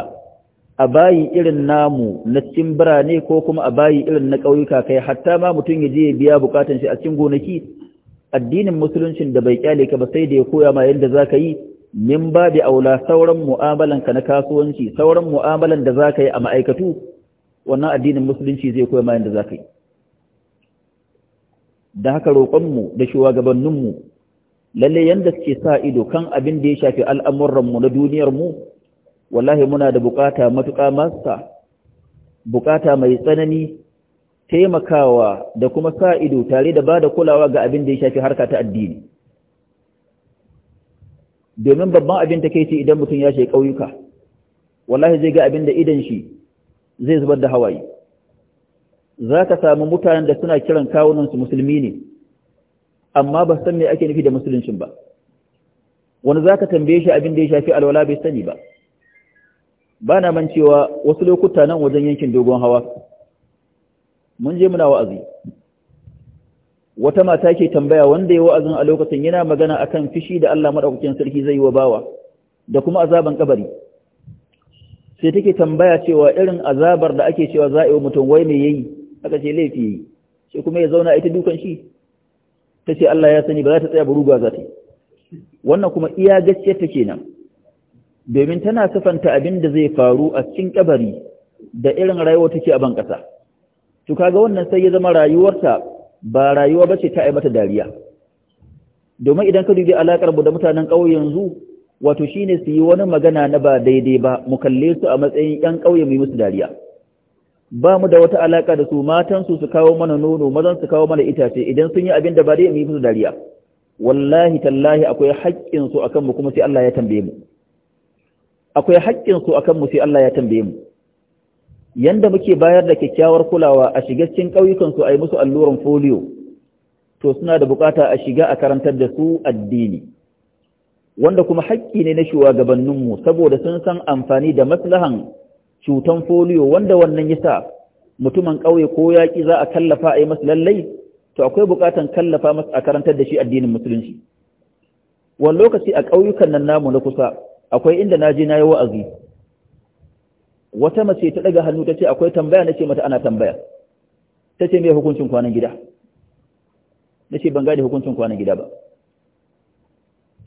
a bayi irin namu na cikin birane ko kuma a bayi irin na ƙauyuka kai hatta ma mutum ya je ya biya bukatun shi a cikin gonaki addinin musuluncin da bai kyale ka ba sai da ya koya ma yadda za ka yi min ba da aula sauran mu'amalan ka na kasuwanci sauran mu'amalan da za ka yi a ma'aikatu wannan addinin musulunci zai koya ma yadda za ka yi da haka roƙonmu da shugabanninmu lallai yadda suke sa ido kan abin da ya shafi al'amuranmu na duniyarmu wallahi muna da bukata matuƙa masa buƙata mai tsanani taimakawa da kuma sa ido tare da ba da kulawa ga abin da ya shafi harka ta addini domin babban abin ta kai ce idan mutum ya shi ƙauyuka wallahi zai ga abin da idan shi zai zubar da hawaye za ka samu mutanen da suna kiran kawunansu musulmi ne amma ba san me ake nufi da musuluncin ba wani za ka tambaye shi abin da ya shafi alwala bai sani ba ba na man cewa wasu lokuta nan wajen yankin dogon hawa mun je muna wa'azi wata mata ke tambaya wanda ya wa'azin a lokacin yana magana akan fishi da Allah madaukakin sarki zai yi wa bawa da kuma azaban kabari sai take tambaya cewa irin azabar da ake cewa za a yi mutum wai me yayi aka ce laifi yi shi kuma ya zauna ita dukan shi ta ce Allah ya sani ba za ta tsaya buruga za ta yi wannan kuma iya gaskiyar ta kenan domin tana sifanta abin da zai faru a cikin kabari da irin rayuwar take a ban kasa to kaga wannan sai ya zama rayuwarta ba rayuwa bace ta aibata dariya domin idan ka dubi alakar mu da mutanen ƙauye yanzu wato shine su yi wani magana na ba daidai ba mu kalle su a matsayin ƴan ƙauye mu yi musu dariya ba mu da wata alaka da su matansu su kawo mana nono mazan su kawo mana itace idan sun yi abin da ba dai yi musu dariya wallahi tallahi akwai haƙƙin su akan mu kuma sai Allah ya tambaye mu akwai haƙƙin su akan mu sai Allah ya tambaye mu yanda muke bayar da kyakkyawar kulawa a shiga cikin ƙauyukan su yi musu alluran folio to suna da bukata a shiga a karantar da su addini wanda kuma haƙƙi ne na mu saboda sun san amfani da maslahan cutan foliyo wanda wannan yasa mutumin ƙauye ko yaƙi za a kallafa a yi masa lallai to akwai buƙatan kallafa masa a karantar da shi addinin musulunci wani lokaci a ƙauyukan nan namu na kusa akwai inda na je na yi wa'azi wata mace ta ɗaga hannu ta ce akwai tambaya na ce mata ana tambaya ta ce mai hukuncin kwanan gida na ce ban gane hukuncin kwanan gida ba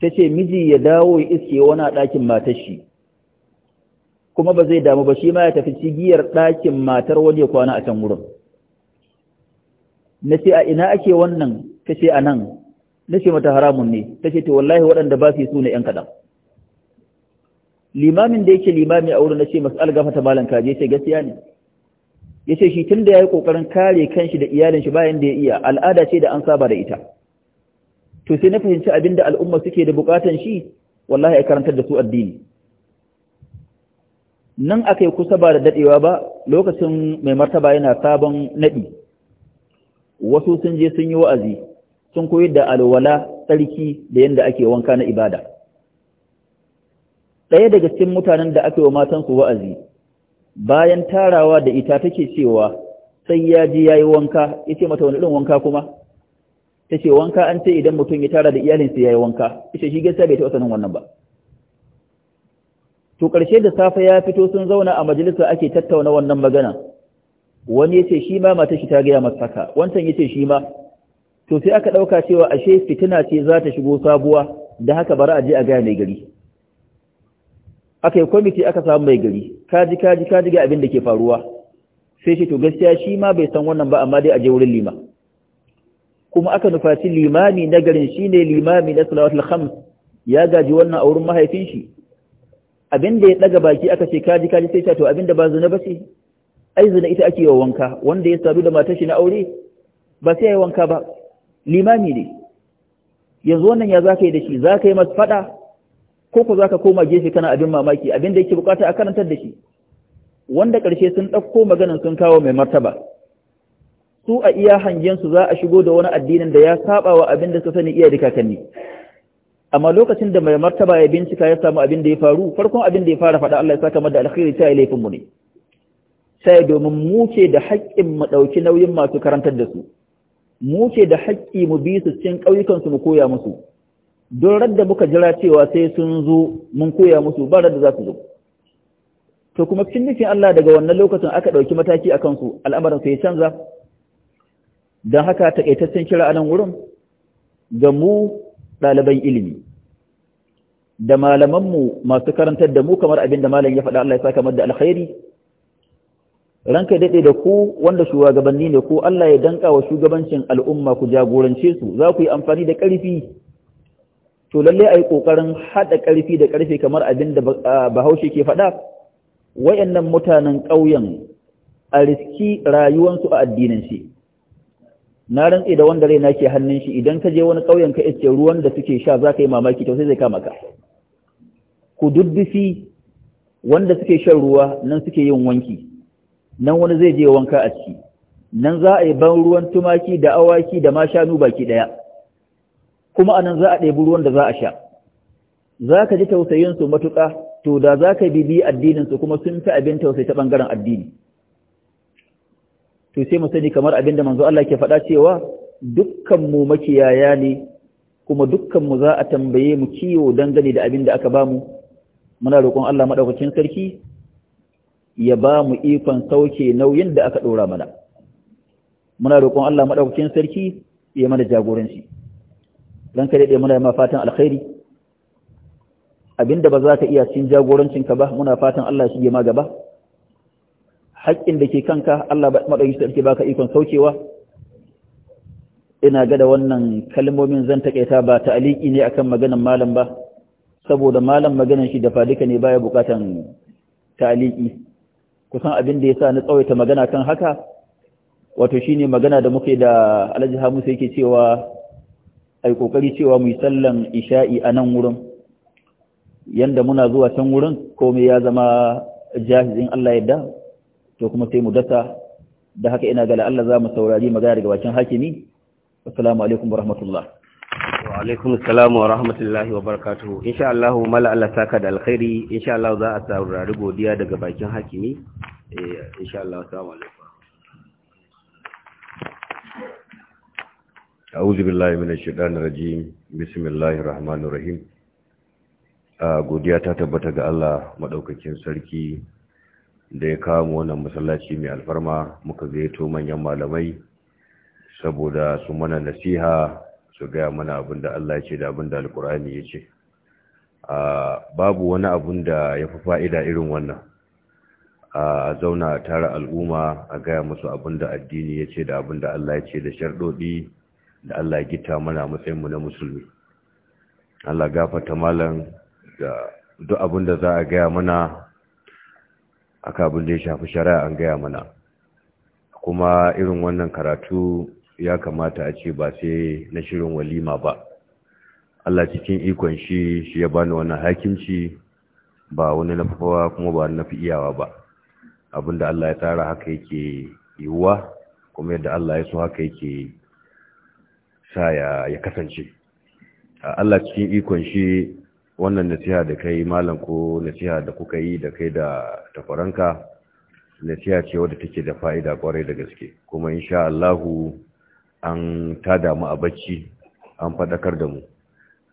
ta ce miji ya dawo ya iske wani a ɗakin matar shi kuma ba zai damu ba shi ma ya tafi cigiyar ɗakin matar wani ya kwana a can wurin na ce a ina ake wannan ta ce a nan na ce mata haramun ne ta ce to wallahi waɗanda ba su yi su ne ‘yan kaɗan limamin da yake limami a wurin na ce masu algafata malan kaje ce gaskiya ne ya ce shi tun da ya yi ƙoƙarin kare kan kanshi da iyalin shi bayan da ya iya al'ada ce da an saba da ita to sai na fahimci abin da al'umma suke da buƙatan shi wallahi a karantar da su addini nan aka yi kusa ba da daɗewa ba lokacin mai martaba yana sabon naɗi wasu sun je sun yi wa'azi sun koyi da alwala tsarki da yadda ake wanka na ibada ɗaya daga cikin mutanen da aka yi wa matansu wa'azi bayan tarawa da ita take cewa sai ya ji ya yi wanka ya ce mata wani irin wanka kuma ta ce wanka an ce idan mutum ya tara da iyalinsa ya yi wanka ita shi gaisa bai taɓa sanin wannan ba to ƙarshe da safe ya fito sun zauna a majalisa ake tattauna wannan magana wani ya ce shi ma mata shi ta gaya masa haka wancan ce shi ma to sai aka ɗauka cewa ashe fitina ce za ta shigo sabuwa da haka bari a je a gaya mai gari aka yi kwamiti aka samu mai gari kaji kaji kaji ga abin da ke faruwa sai shi to gaskiya shi ma bai san wannan ba amma dai a je wurin lima kuma aka nufaci limami na garin shine limami na salawatul khams ya gaji wannan a wurin mahaifin shi abin da ya daga baki aka ce kaji kaji sai ta to abin da ba zina ba ce ai zina ita ake yawan wanka wanda ya sabu da matar shi na aure ba sai yayi wanka ba limami ne yanzu wannan ya zaka yi da shi zaka yi masa fada ko ko zaka koma gefe kana abin mamaki abin da yake bukata a karantar da shi wanda karshe sun dauko maganan sun kawo mai martaba su a iya hangen su za a shigo da wani addinin da ya saba wa abin da suka sani iya dukakanni amma lokacin da mai martaba ya bincika ya samu abin da ya faru farkon abin da ya fara faɗa Allah ya saka mada da alkhairi sai laifin mu ne sai domin mu ce da haƙƙin mu ɗauki nauyin masu karantar da su mu ce da haƙƙi mu bi su cikin ƙauyukan su mu koya musu don radda muka jira cewa sai sun zo mun koya musu ba radda za su zo to kuma cikin nufin Allah daga wannan lokacin aka ɗauki mataki akan su al'amarin sai ya canza don haka taƙaitaccen kira a wurin ga mu ɗaliban ilimi da malamanmu masu karantar da mu kamar abin da malam ya faɗa Allah ya saka da alkhairi ranka daɗe da ku wanda shugabanni ne ko Allah ya danka wa shugabancin al'umma ku jagorance su za ku yi amfani da ƙarfi to lalle a yi ƙoƙarin haɗa ƙarfi da ƙarfi kamar abin da bahaushe ke faɗa wayannan mutanen ƙauyen a riski rayuwansu a addinin shi na rantse da wanda raina ke hannun shi idan ka je wani ƙauyen ka ice ruwan da suke sha za ka yi mamaki to sai zai kama ka kududdufi wanda suke shan ruwa nan suke yin wanki nan wani zai je wanka a ciki nan za a yi ban ruwan tumaki da awaki da ma shanu baki ɗaya kuma a nan za a ɗebi ruwan da za a sha za ka ji tausayinsu matuƙa to da za ka bibi addininsu kuma sun fi abin tausayi ta ɓangaren addini to sai mu sani kamar abin da manzo Allah ke faɗa cewa dukkan mu makiyaya ne kuma dukkan mu za a tambaye mu kiwo dangane da abin da aka bamu muna roƙon Allah madaukakin sarki ya ba mu ikon sauke nauyin da aka ɗora mana muna roƙon Allah madaukakin sarki ya mana jagoranci dan ka daɗe muna ma fatan alkhairi abinda ba za ka iya cin jagorancinka ba muna fatan Allah shi ya ma gaba haƙƙin da ke kanka Allah madaukakin sarki ba ka ikon saukewa ina ga da wannan kalmomin zan taƙaita ba ta'aliki ne akan maganan malam ba saboda malam maganan shi da faɗika ne baya bukatan taliki kusan abin da sa na tsawaita magana kan haka wato shine magana da muke da Alhaji Hamisu yake cewa ai kokari cewa mu sallan isha'i a nan wurin yanda muna zuwa can wurin komai ya zama jahizin Allah yadda to kuma sai mu dasa da haka ina ga Allah za mu saurari magana daga bakin hakimi assalamu alaikum warahmatullahi wa alaikum salamu wa rahmatullahi wa barakatuhu insha Allah mala Allah saka da alkhairi insha Allah za a saurari godiya daga bakin hakimi eh insha Allah assalamu alaikum a'udhu billahi minash shaitanir rajim bismillahir rahmanir rahim godiya ta tabbata ga Allah madaukakin sarki da ya kawo wannan masallaci mai alfarma muka zaito manyan malamai saboda su mana nasiha su gaya mana abin da Allah ce da abin da alkur'ani ya ce babu wani abin da ya fi fa'ida irin wannan a zauna a tara al'umma a gaya musu abin da addini ya ce da abin da Allah ya ce da sharɗoɗi da Allah gita mana matsayinmu na musulmi Allah gafata malam da duk abin da za a gaya mana aka abin da ya shafi shari'a an gaya mana kuma irin wannan karatu ya kamata a ce ba sai na shirin walima ba Allah cikin ikon shi shi ya bani wannan hakimci ba wani na fawa kuma ba na fi iyawa ba abinda Allah ya tara haka yake yiwuwa kuma yadda Allah ya so haka yake sa ya kasance Allah cikin ikon shi wannan nasiha da kai malam ko nasiha da kuka yi da kai da tafaranka nasiha ce wadda take da fa'ida kwarai da gaske kuma insha Allahu an tada mu a bacci an faɗakar da mu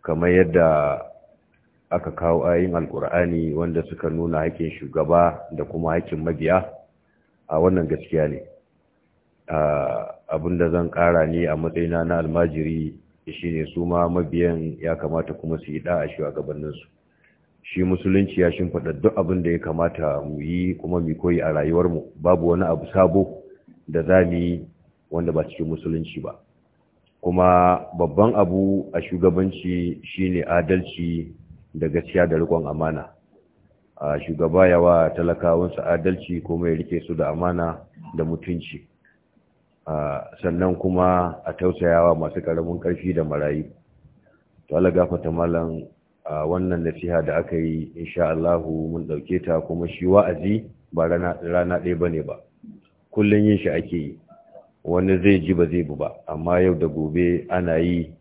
kamar yadda aka kawo ayin alkur'ani wanda suka nuna haƙƙin shugaba da kuma haƙƙin mabiya a wannan gaskiya ne abinda zan ƙara ne a matsayina na almajiri shi su ma mabiyan ya kamata kuma su yi ɗa a gabaninsu shi musulunci ya shimfiɗa duk abin da ya kamata mu yi kuma mu koyi a rayuwarmu babu wani abu sabo da za mu yi wanda ba cikin musulunci ba kuma babban abu a shugabanci shine adalci da gaskiya da rikon amana a shugaba yawa talakawansa adalci kuma ya rike su da amana da mutunci sannan kuma a tausayawa masu ƙaramin karfi da marayu to Allah fata malam wannan nasiha da aka yi insha Allah mun dauke ta kuma shi wa'azi ba rana rana ɗaya bane ba kullun yin shi ake yi wani zai ji ba zai bu ba amma yau da gobe ana yi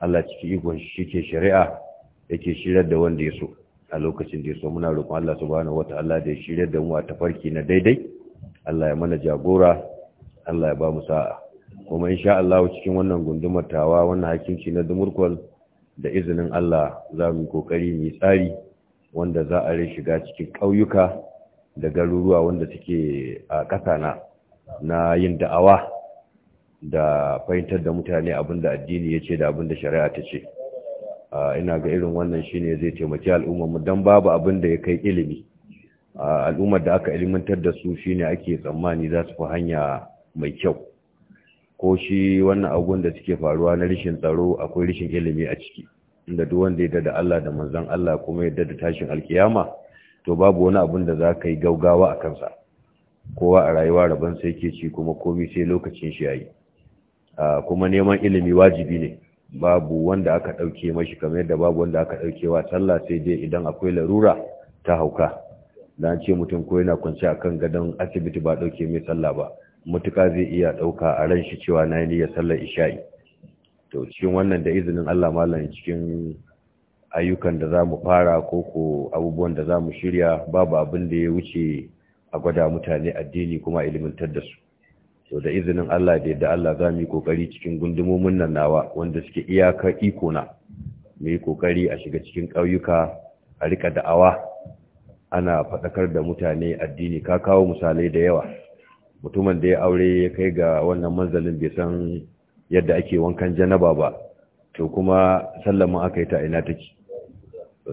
Allah ciki ikon shi ke shari'a yake shirar da wanda ya so a lokacin da ya so muna roƙon Allah subhanahu ta'ala da ya shirar da mu a tafarki na daidai Allah ya mana jagora Allah ya ba mu sa'a kuma insha Allah cikin wannan gundumar tawa wannan hakinci na Dumurkwal da izinin Allah za mu kokari mu tsari wanda za a shiga cikin ƙauyuka da garuruwa wanda suke a ƙasa na na yin da'awa da fahimtar da mutane abinda addini ya ce da abinda shari'a ta ce ina ga irin wannan shine zai taimaki al'ummarmu don babu abin da ya kai ilimi al'ummar da aka ilimantar da su shine ake tsammani za su fi hanya mai kyau ko shi wannan abun da suke faruwa na rishin tsaro akwai rishin ilimi a ciki inda duk wanda ya da Allah da manzan Allah kuma ya da tashin alkiyama to babu wani abun da za ka yi gaugawa a kansa kowa a rayuwa rabon sai ke ci kuma komi sai lokacin shi yayi kuma neman ilimi wajibi ne babu wanda aka ɗauke mashi kamar yadda babu wanda aka wa sallah sai dai idan akwai larura ta hauka da ce mutum ko yana kwanci a kan gadon asibiti ba ɗauke mai sallah ba mutuka zai iya ɗauka a ran shi cewa na yi sallar isha'i to cikin wannan da izinin allah malam cikin ayyukan da za mu fara ko ko abubuwan da za mu shirya babu abin da ya wuce a gwada mutane addini kuma ilimantar da su to da izinin Allah da yadda Allah za mu yi kokari cikin gundumomin nan nawa wanda suke iyaka iko na mu yi kokari a shiga cikin ƙauyuka a rika da'awa ana faɗakar da mutane addini ka kawo misalai da yawa mutumin da ya aure ya kai ga wannan manzalin bai san yadda ake wankan janaba ba to kuma sallama aka yi ta ina take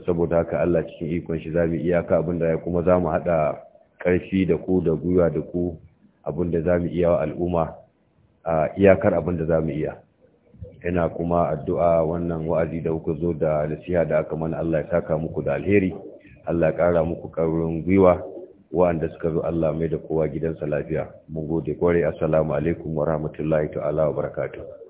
saboda haka Allah cikin ikon shi za mu iyaka abinda ya kuma za mu haɗa ƙarfi da ku da gwiwa da ku abin da za mu iya wa al'umma a iyakar abin da za mu iya ina kuma addu'a wannan wa'azi da kuka zo da nasiha da aka mana Allah ya saka muku da alheri Allah ya ƙara muku ƙarfin gwiwa wa'anda suka zo Allah mai da kowa gidansa lafiya mun gode kwarai assalamu alaikum wa rahmatullahi ta'ala wa barakatuh